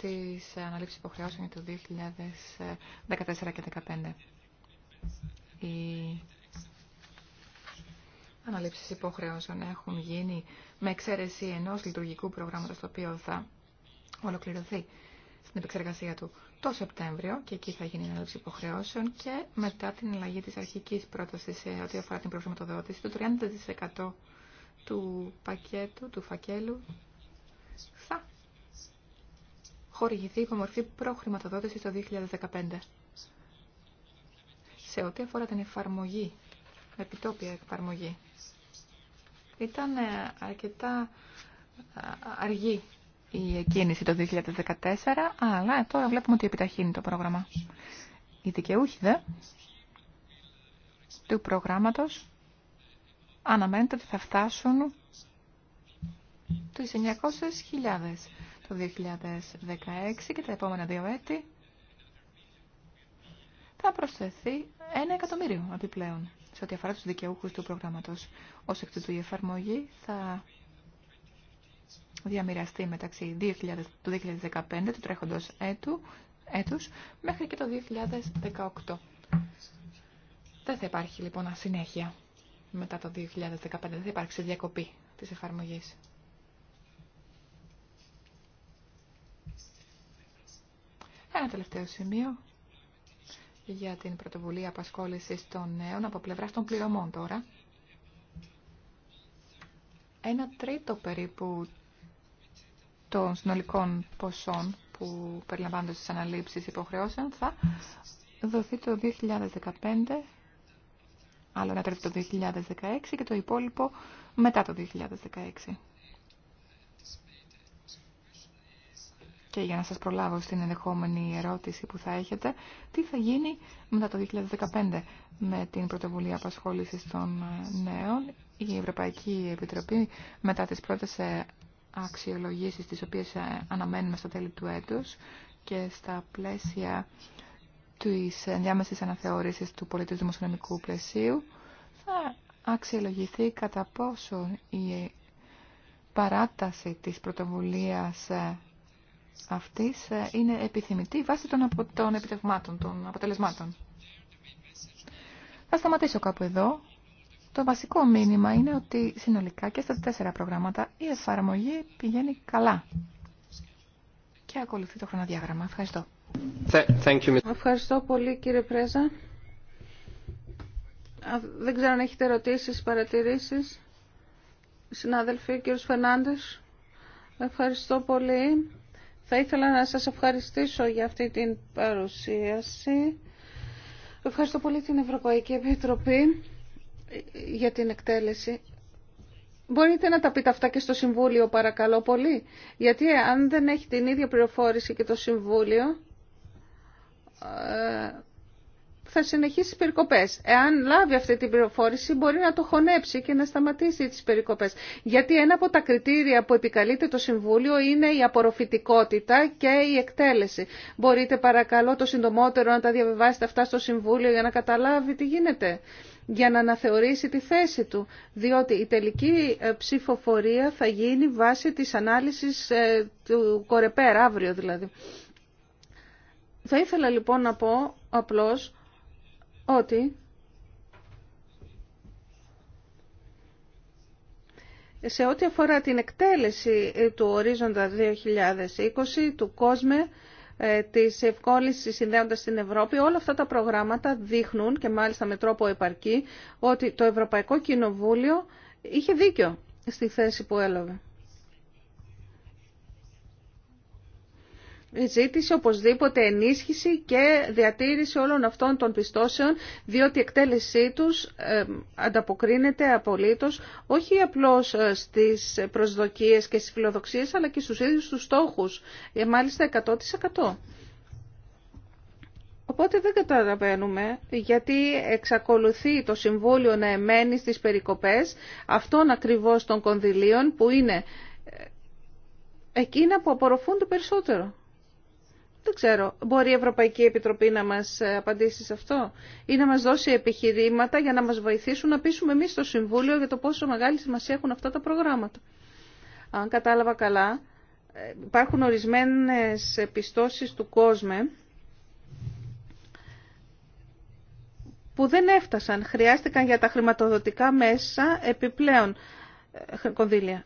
τις αναλήψεις υποχρεώσεων του 2014 και 2015. Οι αναλήψεις υποχρεώσεων έχουν γίνει με εξαίρεση ενός λειτουργικού προγράμματος το οποίο θα ολοκληρωθεί στην επεξεργασία του το Σεπτέμβριο και εκεί θα γίνει η ανάληψη υποχρεώσεων και μετά την αλλαγή της αρχικής πρότασης σε ό,τι αφορά την προχρηματοδότηση το 30% του πακέτου, του φακέλου θα χορηγηθεί υπό μορφή προχρηματοδότηση το 2015. Σε ό,τι αφορά την εφαρμογή, επιτόπια εφαρμογή, ήταν αρκετά αργή η εκκίνηση το 2014, αλλά τώρα βλέπουμε ότι επιταχύνει το πρόγραμμα. Οι δικαιούχοι του προγράμματος αναμένεται ότι θα φτάσουν τους 900.000 το 2016 και τα επόμενα δύο έτη θα προσθεθεί ένα εκατομμύριο επιπλέον σε ό,τι αφορά τους δικαιούχους του προγράμματος. Ως εκ του η εφαρμογή θα διαμοιραστεί μεταξύ του 2015, του τρέχοντος έτου, έτους, μέχρι και το 2018. Δεν θα υπάρχει λοιπόν ασυνέχεια μετά το 2015, δεν θα υπάρξει διακοπή της εφαρμογής. Ένα τελευταίο σημείο για την πρωτοβουλία απασχόληση των νέων από πλευρά των πληρωμών τώρα. Ένα τρίτο περίπου των συνολικών ποσών που περιλαμβάνονται στις αναλήψεις υποχρεώσεων θα δοθεί το 2015, άλλο ένα τρίτο το 2016 και το υπόλοιπο μετά το 2016. Και για να σας προλάβω στην ενδεχόμενη ερώτηση που θα έχετε, τι θα γίνει μετά το 2015 με την πρωτοβουλία απασχόλησης των νέων. Η Ευρωπαϊκή Επιτροπή μετά τις πρώτες ε, αξιολογήσεις τις οποίες ε, αναμένουμε στα τέλη του έτους και στα πλαίσια της ενδιάμεσης αναθεώρησης του πολιτικού δημοσιονομικού πλαισίου θα αξιολογηθεί κατά πόσο η παράταση της πρωτοβουλίας ε, αυτής ε, είναι επιθυμητή βάσει των, απο... επιτευγμάτων, των αποτελεσμάτων. Θα σταματήσω κάπου εδώ. Το βασικό μήνυμα είναι ότι συνολικά και στα τέσσερα προγράμματα η εφαρμογή πηγαίνει καλά. Και ακολουθεί το χρονοδιάγραμμα. Ευχαριστώ. Thank you. Ευχαριστώ πολύ κύριε Πρέζα. Δεν ξέρω αν έχετε ερωτήσεις, παρατηρήσεις. Συνάδελφοι, κύριος Φερνάντες, ευχαριστώ πολύ. Θα ήθελα να σας ευχαριστήσω για αυτή την παρουσίαση. Ευχαριστώ πολύ την Ευρωπαϊκή Επιτροπή για την εκτέλεση. Μπορείτε να τα πείτε αυτά και στο Συμβούλιο παρακαλώ πολύ, γιατί αν δεν έχει την ίδια πληροφόρηση και το Συμβούλιο, ε, θα συνεχίσει τις περικοπές. Εάν λάβει αυτή την πληροφόρηση μπορεί να το χωνέψει και να σταματήσει τις περικοπές. Γιατί ένα από τα κριτήρια που επικαλείται το Συμβούλιο είναι η απορροφητικότητα και η εκτέλεση. Μπορείτε παρακαλώ το συντομότερο να τα διαβιβάσετε αυτά στο Συμβούλιο για να καταλάβει τι γίνεται για να αναθεωρήσει τη θέση του, διότι η τελική ε, ψηφοφορία θα γίνει βάσει της ανάλυσης ε, του Κορεπέρ, αύριο δηλαδή. Θα ήθελα λοιπόν να πω απλώς ότι σε ό,τι αφορά την εκτέλεση ε, του ορίζοντα 2020, του κόσμε, ε, Τη ευκόλυσης συνδέοντα στην Ευρώπη, όλα αυτά τα προγράμματα δείχνουν και μάλιστα με τρόπο επαρκή ότι το Ευρωπαϊκό Κοινοβούλιο είχε δίκιο στη θέση που έλαβε. ζήτησε οπωσδήποτε ενίσχυση και διατήρηση όλων αυτών των πιστώσεων, διότι η εκτέλεσή τους ε, ανταποκρίνεται απολύτως όχι απλώς ε, στις προσδοκίες και στις φιλοδοξίες, αλλά και στους ίδιους τους στόχους, ε, μάλιστα 100%. Οπότε δεν καταλαβαίνουμε γιατί εξακολουθεί το Συμβούλιο να εμένει στις περικοπές αυτών ακριβώς των κονδυλίων που είναι εκείνα που απορροφούν το περισσότερο. Δεν ξέρω, μπορεί η Ευρωπαϊκή Επιτροπή να μας ε, απαντήσει σε αυτό ή να μας δώσει επιχειρήματα για να μας βοηθήσουν να πείσουμε εμεί στο Συμβούλιο για το πόσο μεγάλη σημασία έχουν αυτά τα προγράμματα. Αν κατάλαβα καλά, ε, υπάρχουν ορισμένες επιστώσεις του κόσμου που δεν έφτασαν, χρειάστηκαν για τα χρηματοδοτικά μέσα επιπλέον ε, κονδύλια.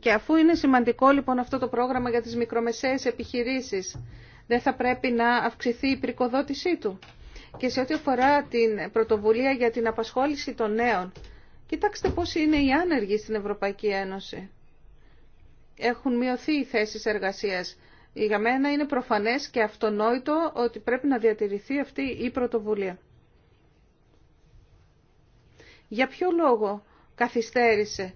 Και αφού είναι σημαντικό λοιπόν αυτό το πρόγραμμα για τις μικρομεσαίες επιχειρήσεις, δεν θα πρέπει να αυξηθεί η πρικοδότησή του. Και σε ό,τι αφορά την πρωτοβουλία για την απασχόληση των νέων, κοιτάξτε πώς είναι οι άνεργοι στην Ευρωπαϊκή Ένωση. Έχουν μειωθεί οι θέσεις εργασίας. Για μένα είναι προφανές και αυτονόητο ότι πρέπει να διατηρηθεί αυτή η πρωτοβουλία. Για ποιο λόγο καθυστέρησε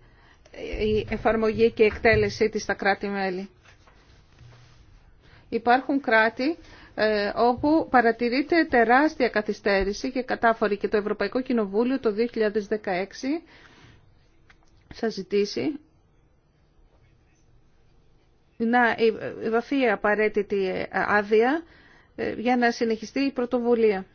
η εφαρμογή και η εκτέλεσή της στα κράτη-μέλη. Υπάρχουν κράτη όπου παρατηρείται τεράστια καθυστέρηση και κατάφορη και το Ευρωπαϊκό Κοινοβούλιο το 2016 θα ζητήσει να δοθεί απαραίτητη άδεια για να συνεχιστεί η πρωτοβουλία.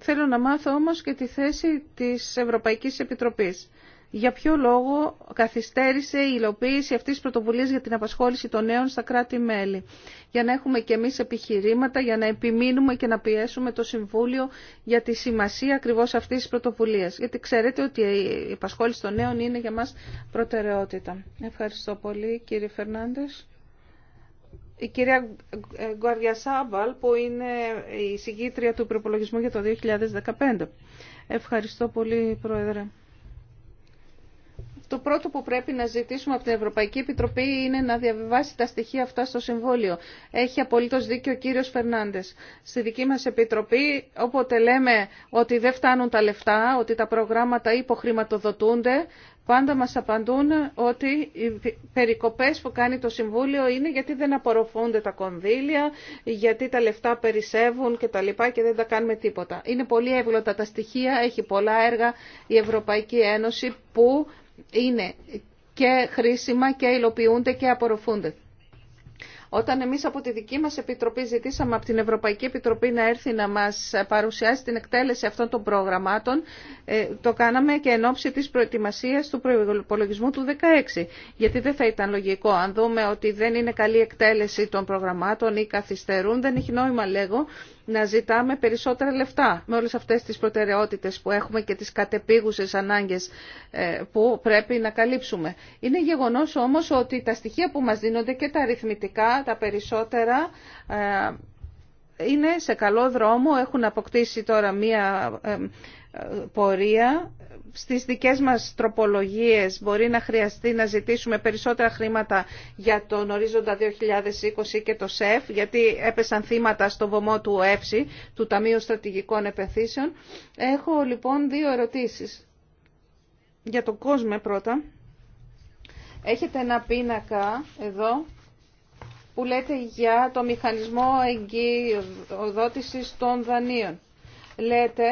Θέλω να μάθω όμως και τη θέση της Ευρωπαϊκής Επιτροπής. Για ποιο λόγο καθυστέρησε η υλοποίηση αυτής της πρωτοβουλίας για την απασχόληση των νέων στα κράτη-μέλη. Για να έχουμε και εμείς επιχειρήματα, για να επιμείνουμε και να πιέσουμε το Συμβούλιο για τη σημασία ακριβώς αυτής της πρωτοβουλίας. Γιατί ξέρετε ότι η απασχόληση των νέων είναι για μας προτεραιότητα. Ευχαριστώ πολύ κύριε Φερνάντες. Η κυρία Γκουαρια Σάμπαλ που είναι η συγκήτρια του προπολογισμού για το 2015. Ευχαριστώ πολύ Πρόεδρε. Το πρώτο που πρέπει να ζητήσουμε από την Ευρωπαϊκή Επιτροπή είναι να διαβιβάσει τα στοιχεία αυτά στο Συμβόλιο. Έχει απολύτω δίκιο ο κύριο Φερνάντε. Στη δική μα Επιτροπή, όποτε λέμε ότι δεν φτάνουν τα λεφτά, ότι τα προγράμματα υποχρηματοδοτούνται, πάντα μας απαντούν ότι οι περικοπές που κάνει το Συμβούλιο είναι γιατί δεν απορροφούνται τα κονδύλια, γιατί τα λεφτά περισσεύουν και τα λοιπά και δεν τα κάνουμε τίποτα. Είναι πολύ εύγλωτα τα στοιχεία, έχει πολλά έργα η Ευρωπαϊκή Ένωση που είναι και χρήσιμα και υλοποιούνται και απορροφούνται. Όταν εμείς από τη δική μας Επιτροπή ζητήσαμε από την Ευρωπαϊκή Επιτροπή να έρθει να μας παρουσιάσει την εκτέλεση αυτών των προγραμμάτων, ε, το κάναμε και εν ώψη της προετοιμασίας του προϋπολογισμού του 2016. Γιατί δεν θα ήταν λογικό αν δούμε ότι δεν είναι καλή εκτέλεση των προγραμμάτων ή καθυστερούν, δεν έχει νόημα λέγω να ζητάμε περισσότερα λεφτά με όλες αυτές τις προτεραιότητες που έχουμε και τις κατεπίγουσες ανάγκες ε, που πρέπει να καλύψουμε. Είναι γεγονός όμως ότι τα στοιχεία που μας δίνονται και τα αριθμητικά, τα περισσότερα, ε, είναι σε καλό δρόμο, έχουν αποκτήσει τώρα μία ε, πορεία στις δικές μας τροπολογίες μπορεί να χρειαστεί να ζητήσουμε περισσότερα χρήματα για τον ορίζοντα 2020 και το ΣΕΦ, γιατί έπεσαν θύματα στο βωμό του ΕΦΣΙ, του Ταμείου Στρατηγικών Επενθύσεων. Έχω λοιπόν δύο ερωτήσεις. Για τον κόσμο πρώτα. Έχετε ένα πίνακα εδώ που λέτε για το μηχανισμό εγκυοδότησης των δανείων. Λέτε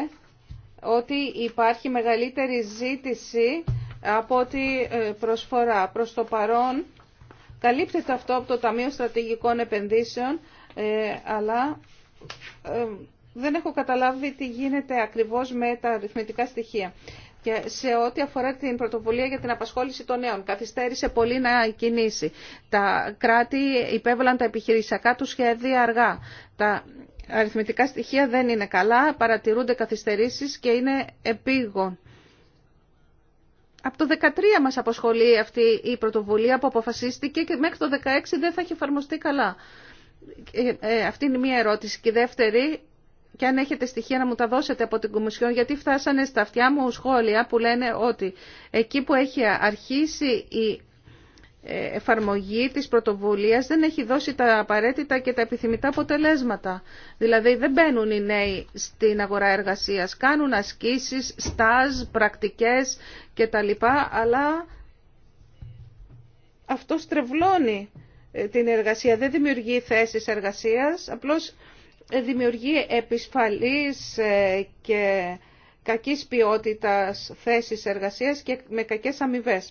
ότι υπάρχει μεγαλύτερη ζήτηση από ότι ε, προσφορά. Προς το παρόν καλύπτεται αυτό από το Ταμείο Στρατηγικών Επενδύσεων, ε, αλλά ε, δεν έχω καταλάβει τι γίνεται ακριβώς με τα αριθμητικά στοιχεία. Και σε ό,τι αφορά την πρωτοβουλία για την απασχόληση των νέων, καθυστέρησε πολύ να κινήσει. Τα κράτη υπέβαλαν τα επιχειρησιακά του σχέδια αργά. Τα αριθμητικά στοιχεία δεν είναι καλά, παρατηρούνται καθυστερήσεις και είναι επίγον. Από το 2013 μας αποσχολεί αυτή η πρωτοβουλία που αποφασίστηκε και μέχρι το 2016 δεν θα έχει εφαρμοστεί καλά. Ε, ε, αυτή είναι μία ερώτηση. Και η δεύτερη, και αν έχετε στοιχεία να μου τα δώσετε από την Κομισιόν, γιατί φτάσανε στα αυτιά μου σχόλια που λένε ότι εκεί που έχει αρχίσει η ε, εφαρμογή της πρωτοβουλίας δεν έχει δώσει τα απαραίτητα και τα επιθυμητά αποτελέσματα. Δηλαδή δεν μπαίνουν οι νέοι στην αγορά εργασίας, κάνουν ασκήσεις, στάζ, πρακτικές κτλ. Αλλά αυτό στρεβλώνει ε, την εργασία, δεν δημιουργεί θέσεις εργασίας, απλώς ε, δημιουργεί επισφαλής και κακής ποιότητας θέσεις εργασίας και με κακές αμοιβέ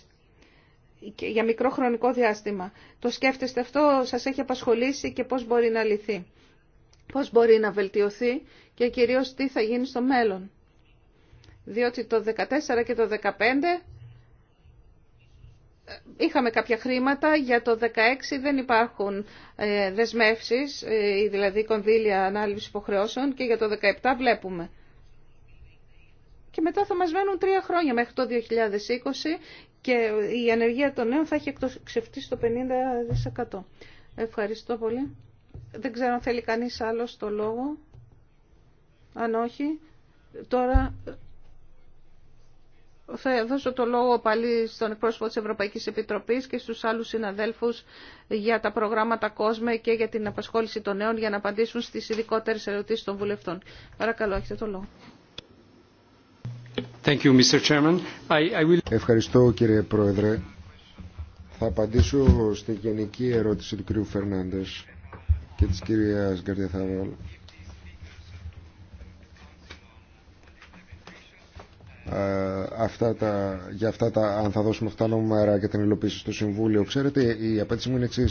για μικρό χρονικό διάστημα. Το σκέφτεστε αυτό, σας έχει απασχολήσει και πώς μπορεί να λυθεί. Πώς μπορεί να βελτιωθεί και κυρίως τι θα γίνει στο μέλλον. Διότι το 14 και το 15 ε, είχαμε κάποια χρήματα, για το 16 δεν υπάρχουν ε, δεσμεύσεις, ε, δηλαδή κονδύλια ανάληψη υποχρεώσεων και για το 17 βλέπουμε. Και μετά θα μας μένουν τρία χρόνια μέχρι το 2020 και η ανεργία των νέων θα έχει ξεφτήσει στο 50%. Ευχαριστώ πολύ. Δεν ξέρω αν θέλει κανείς άλλο το λόγο. Αν όχι, τώρα θα δώσω το λόγο πάλι στον εκπρόσωπο της Ευρωπαϊκής Επιτροπής και στους άλλους συναδέλφους για τα προγράμματα COSME και για την απασχόληση των νέων για να απαντήσουν στις ειδικότερε ερωτήσεις των βουλευτών. Παρακαλώ, έχετε το λόγο. Ευχαριστώ κύριε Πρόεδρε. Θα απαντήσω στη γενική ερώτηση του κυρίου Φερνάντες και της κυρίας Γκαρδιαθάβαλ. για αυτά τα, αν θα δώσουμε αυτά νούμερα για την υλοποίηση στο Συμβούλιο. Ξέρετε, η απάντηση μου είναι εξή.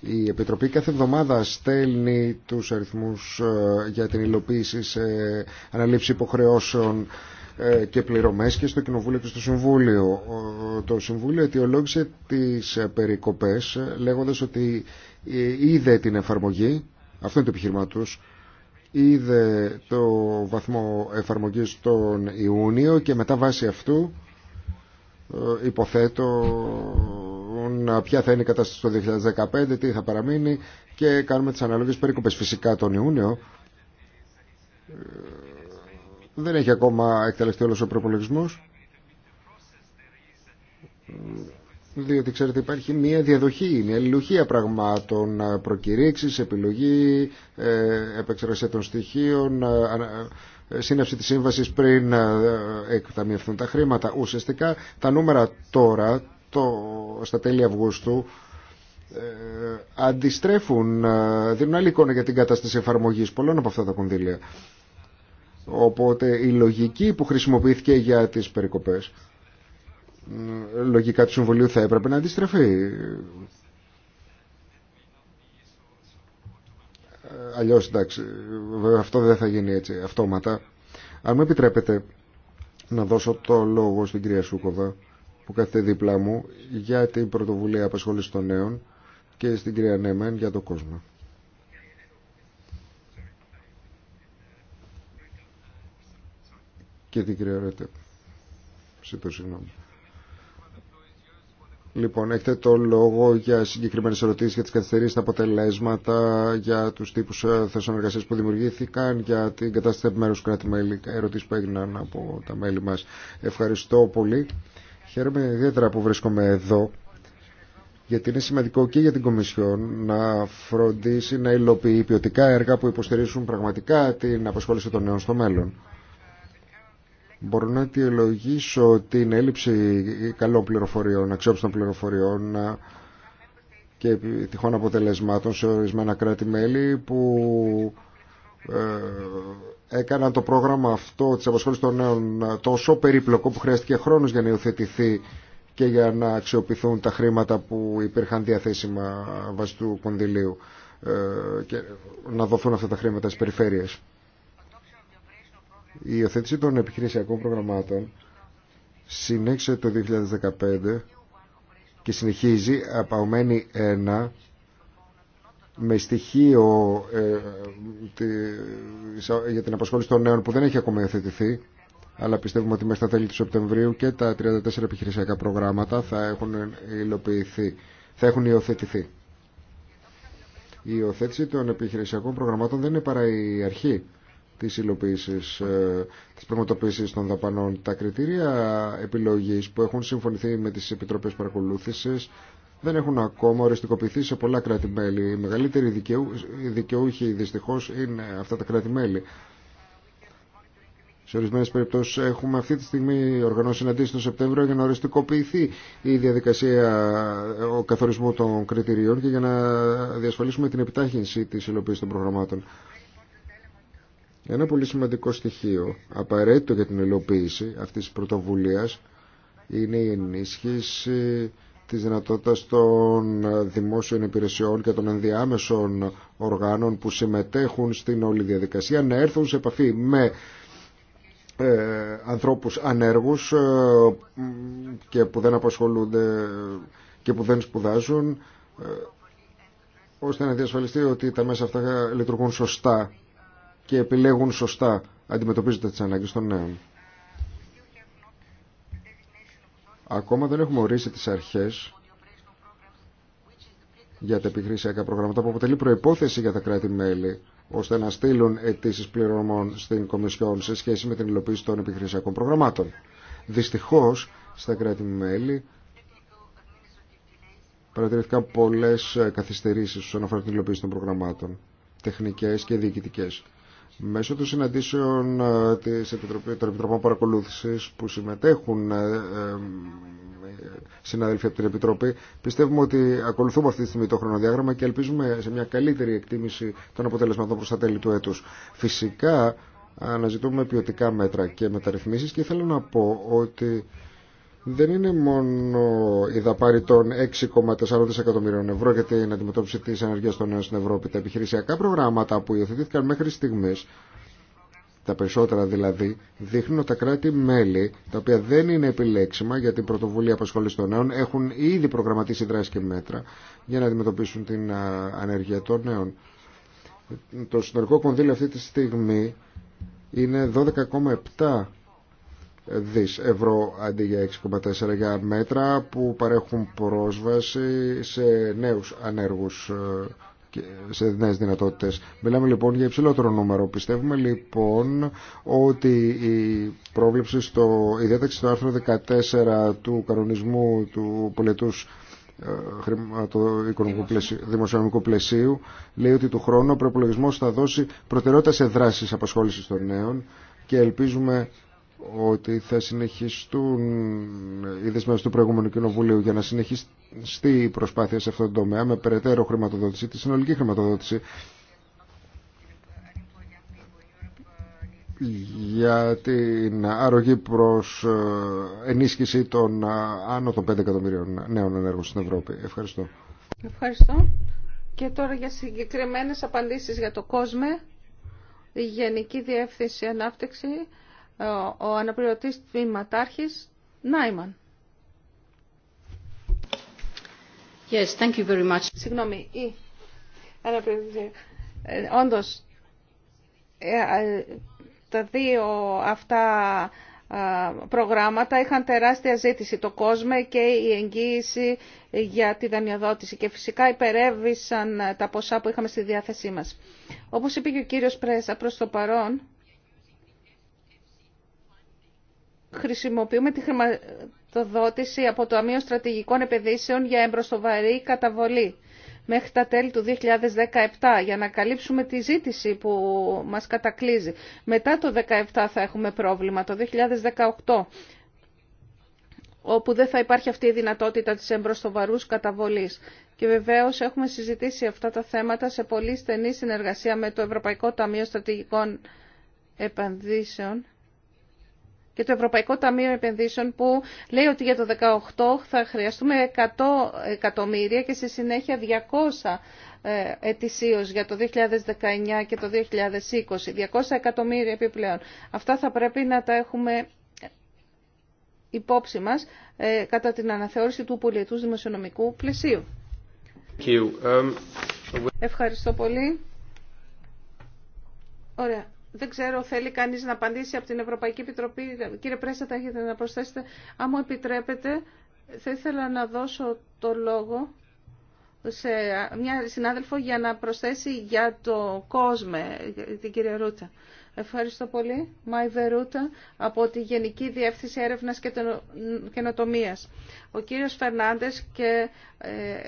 Η Επιτροπή κάθε εβδομάδα στέλνει τους αριθμούς ε, για την υλοποίηση σε αναλήψη υποχρεώσεων ε, και πληρωμές και στο Κοινοβούλιο και στο Συμβούλιο. Το Συμβούλιο αιτιολόγησε τις ε, περικοπές ε, λέγοντας ότι είδε την εφαρμογή, αυτό είναι το επιχείρημα τους, είδε το βαθμό εφαρμογής τον Ιούνιο και μετά βάσει αυτού υποθέτω ποια θα είναι η κατάσταση το 2015, τι θα παραμείνει και κάνουμε τις αναλόγες περίκοπες. Φυσικά τον Ιούνιο δεν έχει ακόμα εκτελεστεί όλος ο προπολογισμό. Διότι ξέρετε υπάρχει μια διαδοχή, μια λιλουχία πραγμάτων, ε, προκηρύξεις, επιλογή, ε, επεξεργασία των στοιχείων, ε, σύναψη της σύμβασης πριν εκταμιευθούν τα χρήματα. Ουσιαστικά τα νούμερα τώρα, το, στα τέλη Αυγούστου, αντιστρέφουν, δίνουν άλλη εικόνα για την κατάσταση εφαρμογής πολλών από αυτά τα κονδύλια. Οπότε η λογική που χρησιμοποιήθηκε για τις περικοπές λογικά του Συμβουλίου θα έπρεπε να αντιστραφεί. Ε, αλλιώς εντάξει, αυτό δεν θα γίνει έτσι αυτόματα. Αν μου επιτρέπετε να δώσω το λόγο στην κυρία Σούκοβα που κάθεται δίπλα μου για την πρωτοβουλία απασχόληση των νέων και στην κυρία Νέμεν για το κόσμο. και την κυρία Ρέτε. συγγνώμη. Λοιπόν, έχετε το λόγο για συγκεκριμένες ερωτήσεις για τις καθυστερήσεις, τα αποτελέσματα, για τους τύπους ε, θέσεων εργασία που δημιουργήθηκαν, για την κατάσταση επιμέρους κράτη-μέλη, ερωτήσεις που έγιναν από τα μέλη μας. Ευχαριστώ πολύ. Χαίρομαι ιδιαίτερα που βρίσκομαι εδώ γιατί είναι σημαντικό και για την Κομισιόν να φροντίσει να υλοποιεί ποιοτικά έργα που υποστηρίζουν πραγματικά την απασχόληση των νέων στο μέλλον. Μπορώ να αιτιολογήσω την έλλειψη καλών πληροφοριών, αξιόπιστων πληροφοριών ε, και τυχόν αποτελεσμάτων σε ορισμένα κράτη-μέλη που ε, έκαναν το πρόγραμμα αυτό της απασχόλησης των νέων ε, τόσο περίπλοκο που χρειάστηκε χρόνος για να υιοθετηθεί και για να αξιοποιηθούν τα χρήματα που υπήρχαν διαθέσιμα βάσει του κονδυλίου και να δοθούν αυτά τα χρήματα στις περιφέρειες. Η υιοθέτηση των επιχειρησιακών προγραμμάτων συνέχισε το 2015 και συνεχίζει απαωμένη ένα με στοιχείο ε, για την απασχόληση των νέων που δεν έχει ακόμα υιοθετηθεί αλλά πιστεύουμε ότι μεσα στα τέλη του Σεπτεμβρίου και τα 34 επιχειρησιακά προγράμματα θα έχουν υλοποιηθεί, θα έχουν υιοθετηθεί. Η υιοθέτηση των επιχειρησιακών προγραμμάτων δεν είναι παρά η αρχή της υλοποίησης, ε, της πραγματοποίησης των δαπανών. Τα κριτήρια επιλογής που έχουν συμφωνηθεί με τις Επιτροπές Παρακολούθησης δεν έχουν ακόμα οριστικοποιηθεί σε πολλά κράτη-μέλη. Οι μεγαλύτεροι δικαιού, δικαιούχοι δυστυχώς είναι αυτά τα κράτη-μέλη. Σε ορισμένε περιπτώσει έχουμε αυτή τη στιγμή οργανώσει συναντήσει τον Σεπτέμβριο για να οριστικοποιηθεί η διαδικασία ο καθορισμού των κριτηρίων και για να διασφαλίσουμε την επιτάχυνση τη υλοποίηση των προγραμμάτων. Ένα πολύ σημαντικό στοιχείο απαραίτητο για την υλοποίηση αυτής της πρωτοβουλίας είναι η ενίσχυση της δυνατότητας των δημόσιων υπηρεσιών και των ενδιάμεσων οργάνων που συμμετέχουν στην όλη διαδικασία να έρθουν σε επαφή με ε, ανθρώπους ανέργους ε, και που δεν απασχολούνται και που δεν σπουδάζουν ε, ώστε να διασφαλιστεί ότι τα μέσα αυτά λειτουργούν σωστά και επιλέγουν σωστά αντιμετωπίζετε τις ανάγκες των νέων. Ακόμα δεν έχουμε ορίσει τις αρχές για τα επιχειρησιακά προγράμματα που αποτελεί προϋπόθεση για τα κράτη-μέλη ώστε να στείλουν αιτήσει πληρωμών στην Κομισιόν σε σχέση με την υλοποίηση των επιχειρησιακών προγραμμάτων. Δυστυχώς, στα κράτη-μέλη παρατηρήθηκαν πολλές καθυστερήσεις όσον αφορά την υλοποίηση των προγραμμάτων, τεχνικές και διοικητικές. Μέσω των συναντήσεων ε, της επιτροπής, των Επιτροπών Παρακολούθησης που συμμετέχουν ε, ε, συναδέλφοι από την Επιτροπή, πιστεύουμε ότι ακολουθούμε αυτή τη στιγμή το χρονοδιάγραμμα και ελπίζουμε σε μια καλύτερη εκτίμηση των αποτελεσμάτων προς τα τέλη του έτους. Φυσικά αναζητούμε ποιοτικά μέτρα και μεταρρυθμίσεις και θέλω να πω ότι δεν είναι μόνο η δαπάρη των 6,4 δισεκατομμυρίων ευρώ για την αντιμετώπιση της ανεργίας των νέων στην Ευρώπη. Τα επιχειρησιακά προγράμματα που υιοθετήθηκαν μέχρι στιγμής, τα περισσότερα δηλαδή, δείχνουν ότι τα κράτη-μέλη, τα οποία δεν είναι επιλέξιμα για την πρωτοβουλία απασχόληση των νέων, έχουν ήδη προγραμματίσει δράση και μέτρα για να αντιμετωπίσουν την ανεργία των νέων. Το συνολικό κονδύλιο αυτή τη στιγμή είναι 12,7 δις ευρώ αντί για 6,4 για μέτρα που παρέχουν πρόσβαση σε νέους ανέργους ε, και σε νέες δυνατότητες. Μιλάμε λοιπόν για υψηλότερο νούμερο. Πιστεύουμε λοιπόν ότι η πρόβλεψη στο, η διάταξη στο άρθρο 14 του κανονισμού του πολιτούς ε, το πλαισίου, δημοσιονομικού πλαισίου λέει ότι του χρόνου ο προπολογισμό θα δώσει προτεραιότητα σε δράσεις απασχόλησης των νέων και ελπίζουμε ότι θα συνεχιστούν οι δεσμεύσει του προηγούμενου κοινοβουλίου για να συνεχιστεί η προσπάθεια σε αυτόν τον τομέα με περαιτέρω χρηματοδότηση, τη συνολική χρηματοδότηση για την αρρωγή προς ε, ενίσχυση των ε, άνω των 5 εκατομμυρίων νέων ενέργων στην Ευρώπη. Ευχαριστώ. Ευχαριστώ. Και τώρα για συγκεκριμένες απαντήσεις για το κόσμο, η Γενική Διεύθυνση Ανάπτυξη ο, αναπληρωτή αναπληρωτής τμήματάρχης Νάιμαν. Yes, thank you very much. Συγγνώμη, ή. Ε, όντως, ε, ε, τα δύο αυτά προγράμματα είχαν τεράστια ζήτηση το κόσμο και η εγγύηση για τη δανειοδότηση και φυσικά υπερεύησαν τα ποσά που είχαμε στη διάθεσή μας. Όπως είπε και ο κύριος Πρέσα προς το παρόν, χρησιμοποιούμε τη χρηματοδότηση από το Αμείο Στρατηγικών Επενδύσεων για εμπροστοβαρή καταβολή μέχρι τα τέλη του 2017 για να καλύψουμε τη ζήτηση που μας κατακλίζει. Μετά το 2017 θα έχουμε πρόβλημα, το 2018 όπου δεν θα υπάρχει αυτή η δυνατότητα της εμπροστοβαρούς καταβολής. Και βεβαίως έχουμε συζητήσει αυτά τα θέματα σε πολύ στενή συνεργασία με το Ευρωπαϊκό Ταμείο Στρατηγικών Επενδύσεων και το Ευρωπαϊκό Ταμείο Επενδύσεων που λέει ότι για το 2018 θα χρειαστούμε 100 εκατομμύρια και στη συνέχεια 200 ε, ετησίως για το 2019 και το 2020. 200 εκατομμύρια επιπλέον. Αυτά θα πρέπει να τα έχουμε υπόψη μας ε, κατά την αναθεώρηση του πολιτού δημοσιονομικού πλαισίου. Um, Ευχαριστώ πολύ. Ωραία. Δεν ξέρω, θέλει κανείς να απαντήσει από την Ευρωπαϊκή Επιτροπή. Κύριε Πρέστα, τα έχετε να προσθέσετε. Αν μου επιτρέπετε, θα ήθελα να δώσω το λόγο σε μια συνάδελφο για να προσθέσει για το κόσμο, την κυρία Ρούτα. Ευχαριστώ πολύ. Μάι Ρούτα, από τη Γενική Διεύθυνση Έρευνας και Καινοτομίας. Ο κύριος Φερνάντες και ε,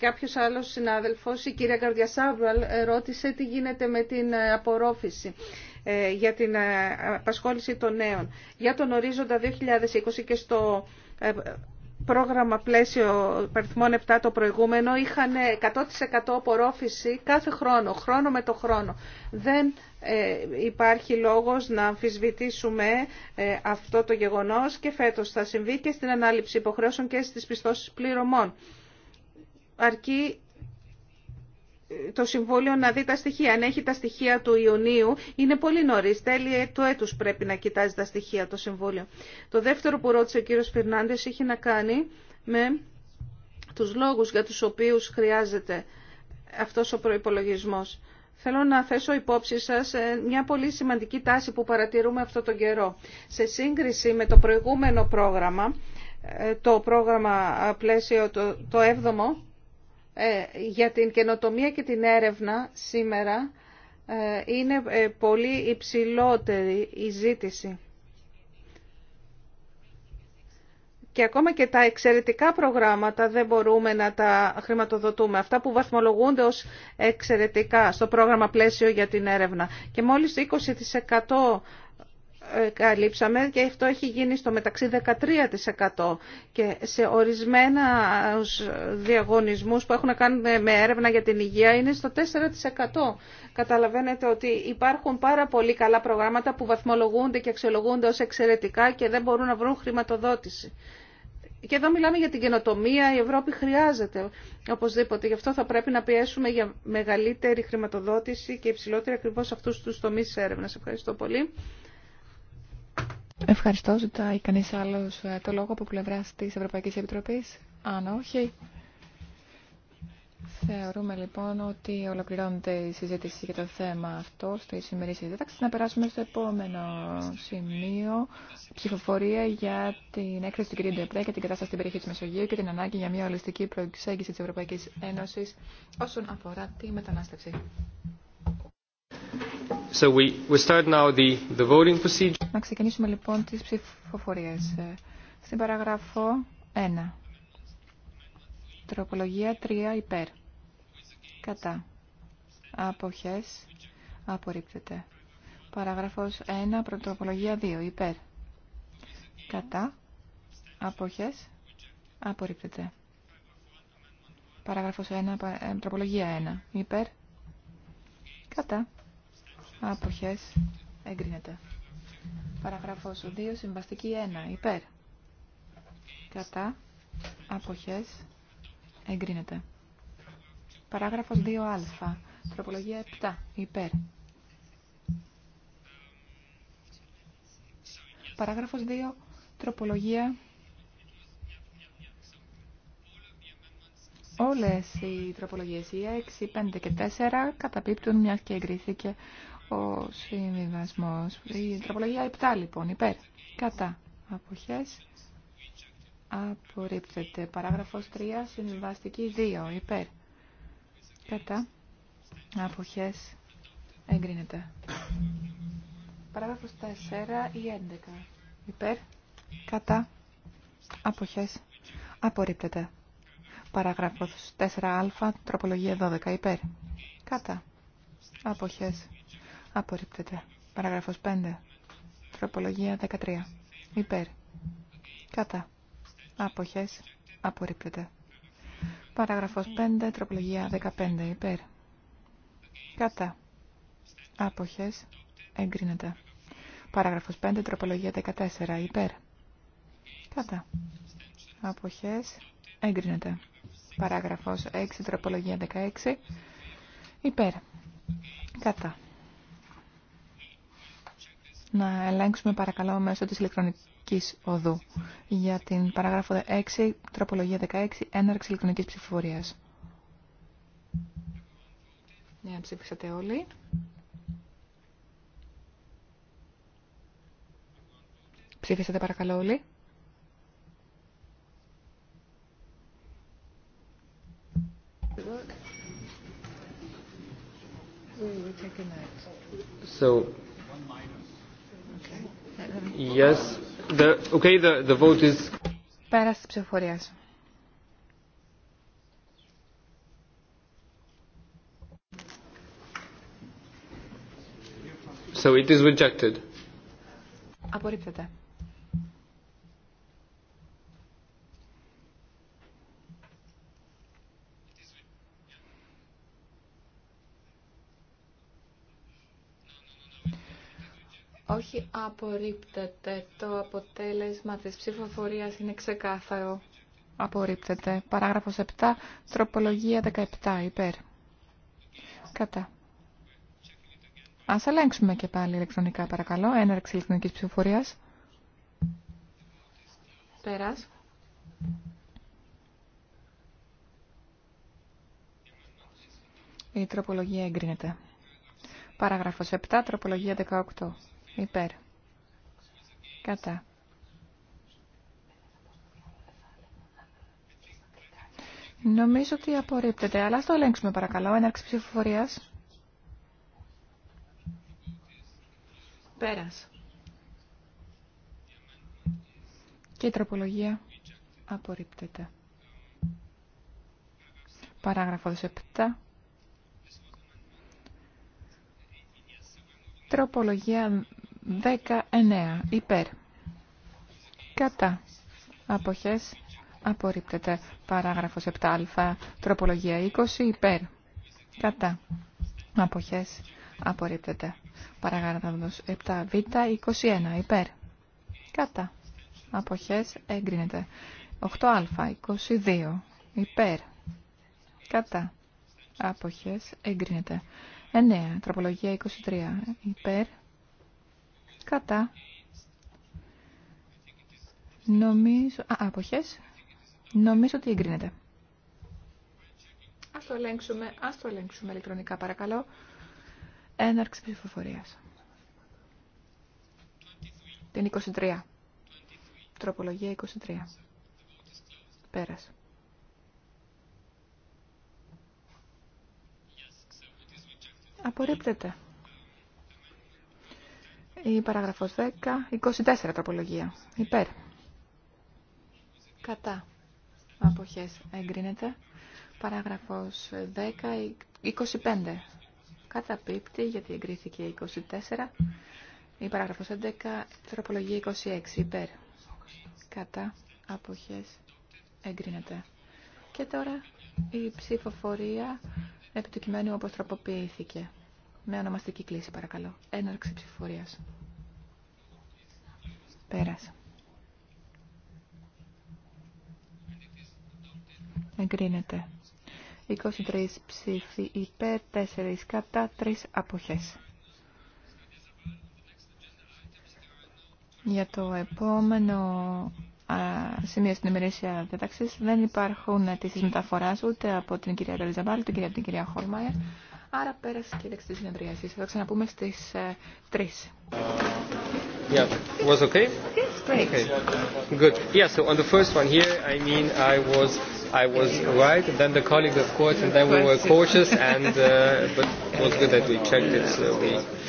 Κάποιος άλλος συνάδελφος, η κυρία Καρδιασάβρου, ρώτησε τι γίνεται με την ε, απορρόφηση ε, για την ε, απασχόληση των νέων. Για τον ορίζοντα 2020 και στο πρόγραμμα πλαίσιο παριθμών 7 το προηγούμενο είχαν 100% απορρόφηση κάθε χρόνο, χρόνο με το χρόνο. Δεν υπάρχει λόγος να αμφισβητήσουμε αυτό το γεγονός και φέτος θα συμβεί και στην ανάληψη υποχρέωσεων και στις πιστώσεις πληρωμών αρκεί το Συμβούλιο να δει τα στοιχεία. Αν έχει τα στοιχεία του Ιουνίου, είναι πολύ νωρί. Τέλη του έτου πρέπει να κοιτάζει τα στοιχεία το Συμβόλιο. Το δεύτερο που ρώτησε ο κύριο Φερνάντε είχε να κάνει με του λόγου για του οποίου χρειάζεται αυτό ο προπολογισμό. Θέλω να θέσω υπόψη σα ε, μια πολύ σημαντική τάση που παρατηρούμε αυτό τον καιρό. Σε σύγκριση με το προηγούμενο πρόγραμμα, ε, το πρόγραμμα πλαίσιο το 7ο, ε, για την καινοτομία και την έρευνα σήμερα ε, είναι ε, πολύ υψηλότερη η ζήτηση. Και ακόμα και τα εξαιρετικά προγράμματα δεν μπορούμε να τα χρηματοδοτούμε. Αυτά που βαθμολογούνται ως εξαιρετικά στο πρόγραμμα πλαίσιο για την έρευνα. Και μόλις 20% ε, καλύψαμε και αυτό έχει γίνει στο μεταξύ 13% και σε ορισμένα διαγωνισμούς που έχουν να κάνει με έρευνα για την υγεία είναι στο 4%. Καταλαβαίνετε ότι υπάρχουν πάρα πολύ καλά προγράμματα που βαθμολογούνται και αξιολογούνται ως εξαιρετικά και δεν μπορούν να βρουν χρηματοδότηση. Και εδώ μιλάμε για την καινοτομία, η Ευρώπη χρειάζεται οπωσδήποτε. Γι' αυτό θα πρέπει να πιέσουμε για μεγαλύτερη χρηματοδότηση και υψηλότερη ακριβώς αυτούς τους τομείς έρευνας. Ευχαριστώ πολύ. Ευχαριστώ. Ζητάει κανείς άλλος ε, το λόγο από πλευρά της Ευρωπαϊκής Επιτροπής. Αν όχι, θεωρούμε λοιπόν ότι ολοκληρώνεται η συζήτηση για το θέμα αυτό στη σημερινή συζήτηση. Να περάσουμε στο επόμενο σημείο. Ψηφοφορία για την έκθεση του κ. Ντεπρέ και την κατάσταση στην περιοχή της Μεσογείου και την ανάγκη για μια ολιστική προεξέγγιση της Ευρωπαϊκής Ένωσης όσον αφορά τη μετανάστευση. So we, we start now the, the voting procedure. Να ξεκινήσουμε λοιπόν τις ψηφοφορίες. Ε, στην παραγράφο 1. Τροπολογία 3 υπέρ. Κατά. Αποχές. Απορρίπτεται. Παραγράφος 1. Πρωτοπολογία 2 υπέρ. Κατά. Αποχές. Απορρίπτεται. Παράγραφος 1. Ε, τροπολογία 1. Υπέρ. Κατά. Αποχές. Εγκρίνεται. Παραγράφος 2. Συμβαστική 1. Υπέρ. Κατά. Αποχές. Εγκρίνεται. Παράγραφος 2α. Τροπολογία 7. Υπέρ. Παράγραφος 2. Τροπολογία. Όλες οι τροπολογίες, οι 6, 5 και 4, καταπίπτουν μια και εγκρίθηκε ο συμβιβασμό. Η τροπολογία 7 λοιπόν, υπέρ. Κατά. Αποχέ. Απορρίπτεται. Παράγραφο 3, συμβιβαστική 2, υπέρ. Κατά. Αποχέ. Εγκρίνεται. Παράγραφος 4 ή 11. Υπέρ. Κατά. Αποχές. Απορρίπτεται. Παράγραφος 4α, τροπολογία 12. Υπέρ. Κατά. Αποχές. Απορρίπτεται. Παραγραφός 5. Τροπολογία 13. Υπέρ. Κατά. Αποχές. Απορρίπτεται. Παραγραφός 5. Τροπολογία 15. Υπέρ. Κατά. Άποχες. Εγκρίνεται. Παράγραφος 5. Τροπολογία 14. Υπέρ. Κατά. Άποχες. Εγκρίνεται. Παράγραφος 6. Τροπολογία 16. Υπέρ. Κατά να ελέγξουμε παρακαλώ μέσω της ηλεκτρονικής οδού για την παράγραφο 6, τροπολογία 16, έναρξη ηλεκτρονικής ψηφοφορίας. Ναι, ψήφισατε όλοι. Ψήφισατε παρακαλώ όλοι. So Yes. The, okay, the, the vote is... Πέρας της So it is rejected. Απορρίπτεται. Όχι απορρίπτεται. Το αποτέλεσμα της ψηφοφορίας είναι ξεκάθαρο. Απορρίπτεται. Παράγραφος 7, τροπολογία 17, υπέρ. Κατά. Ας ελέγξουμε και πάλι ηλεκτρονικά, παρακαλώ. Έναρξη ηλεκτρονικής ψηφοφορίας. Πέρας. Η τροπολογία εγκρίνεται. Παράγραφος 7, τροπολογία 18. Υπέρ. Κατά. Νομίζω ότι απορρίπτεται, αλλά ας το ελέγξουμε παρακαλώ. Έναρξη ψηφοφορίας. Πέρας. Και η τροπολογία απορρίπτεται. Παράγραφο 7. Τροπολογία 19 υπέρ. Κατά. Αποχές απορρίπτεται. Παράγραφος 7α. Τροπολογία 20 υπέρ. Κατά. Αποχές απορρίπτεται. Παράγραφος 7β 21 υπέρ. Κατά. Αποχές εγκρίνεται. 8α 22 υπέρ. Κατά. Αποχές εγκρίνεται. 9. Τροπολογία 23 υπέρ Κατά. Νομίζω... Α, αποχές. Νομίζω ότι εγκρίνεται. Ας το ελέγξουμε, ας το ελέγξουμε ηλεκτρονικά παρακαλώ. Έναρξη ψηφοφορία. Την 23. Τροπολογία 23. Πέρασε. Απορρίπτεται η παράγραφος 10, 24 τροπολογία. Υπέρ. Κατά. Αποχές εγκρίνεται. Παράγραφος 10, 25. Καταπίπτει γιατί εγκρίθηκε 24. Η παράγραφος 11, τροπολογία 26. Υπέρ. Κατά. Αποχές εγκρίνεται. Και τώρα η ψηφοφορία επί του κειμένου όπως τροποποιήθηκε. Με ονομαστική κλίση παρακαλώ. Έναρξη ψηφοφορία. Πέρασε. Εγκρίνεται. 23 ψήφοι υπέρ, 4 κατά, 3 αποχές. Για το επόμενο σημείο στην ημερήσια διατάξη δεν υπάρχουν αιτήσει μεταφορά ούτε από την κυρία Ρελιζαμπάλ, ούτε από την κυρία Χόλμαερ. Άρα πέρασε και η λέξη της συνεδρίασης. Θα το ξαναπούμε στις 3. Yeah, was okay? Yes, great. Okay. Good. Yeah, so on the first one here, I mean, I was, I was right, then the colleagues, of course, and then we were cautious, and uh, but it was good that we checked it. So we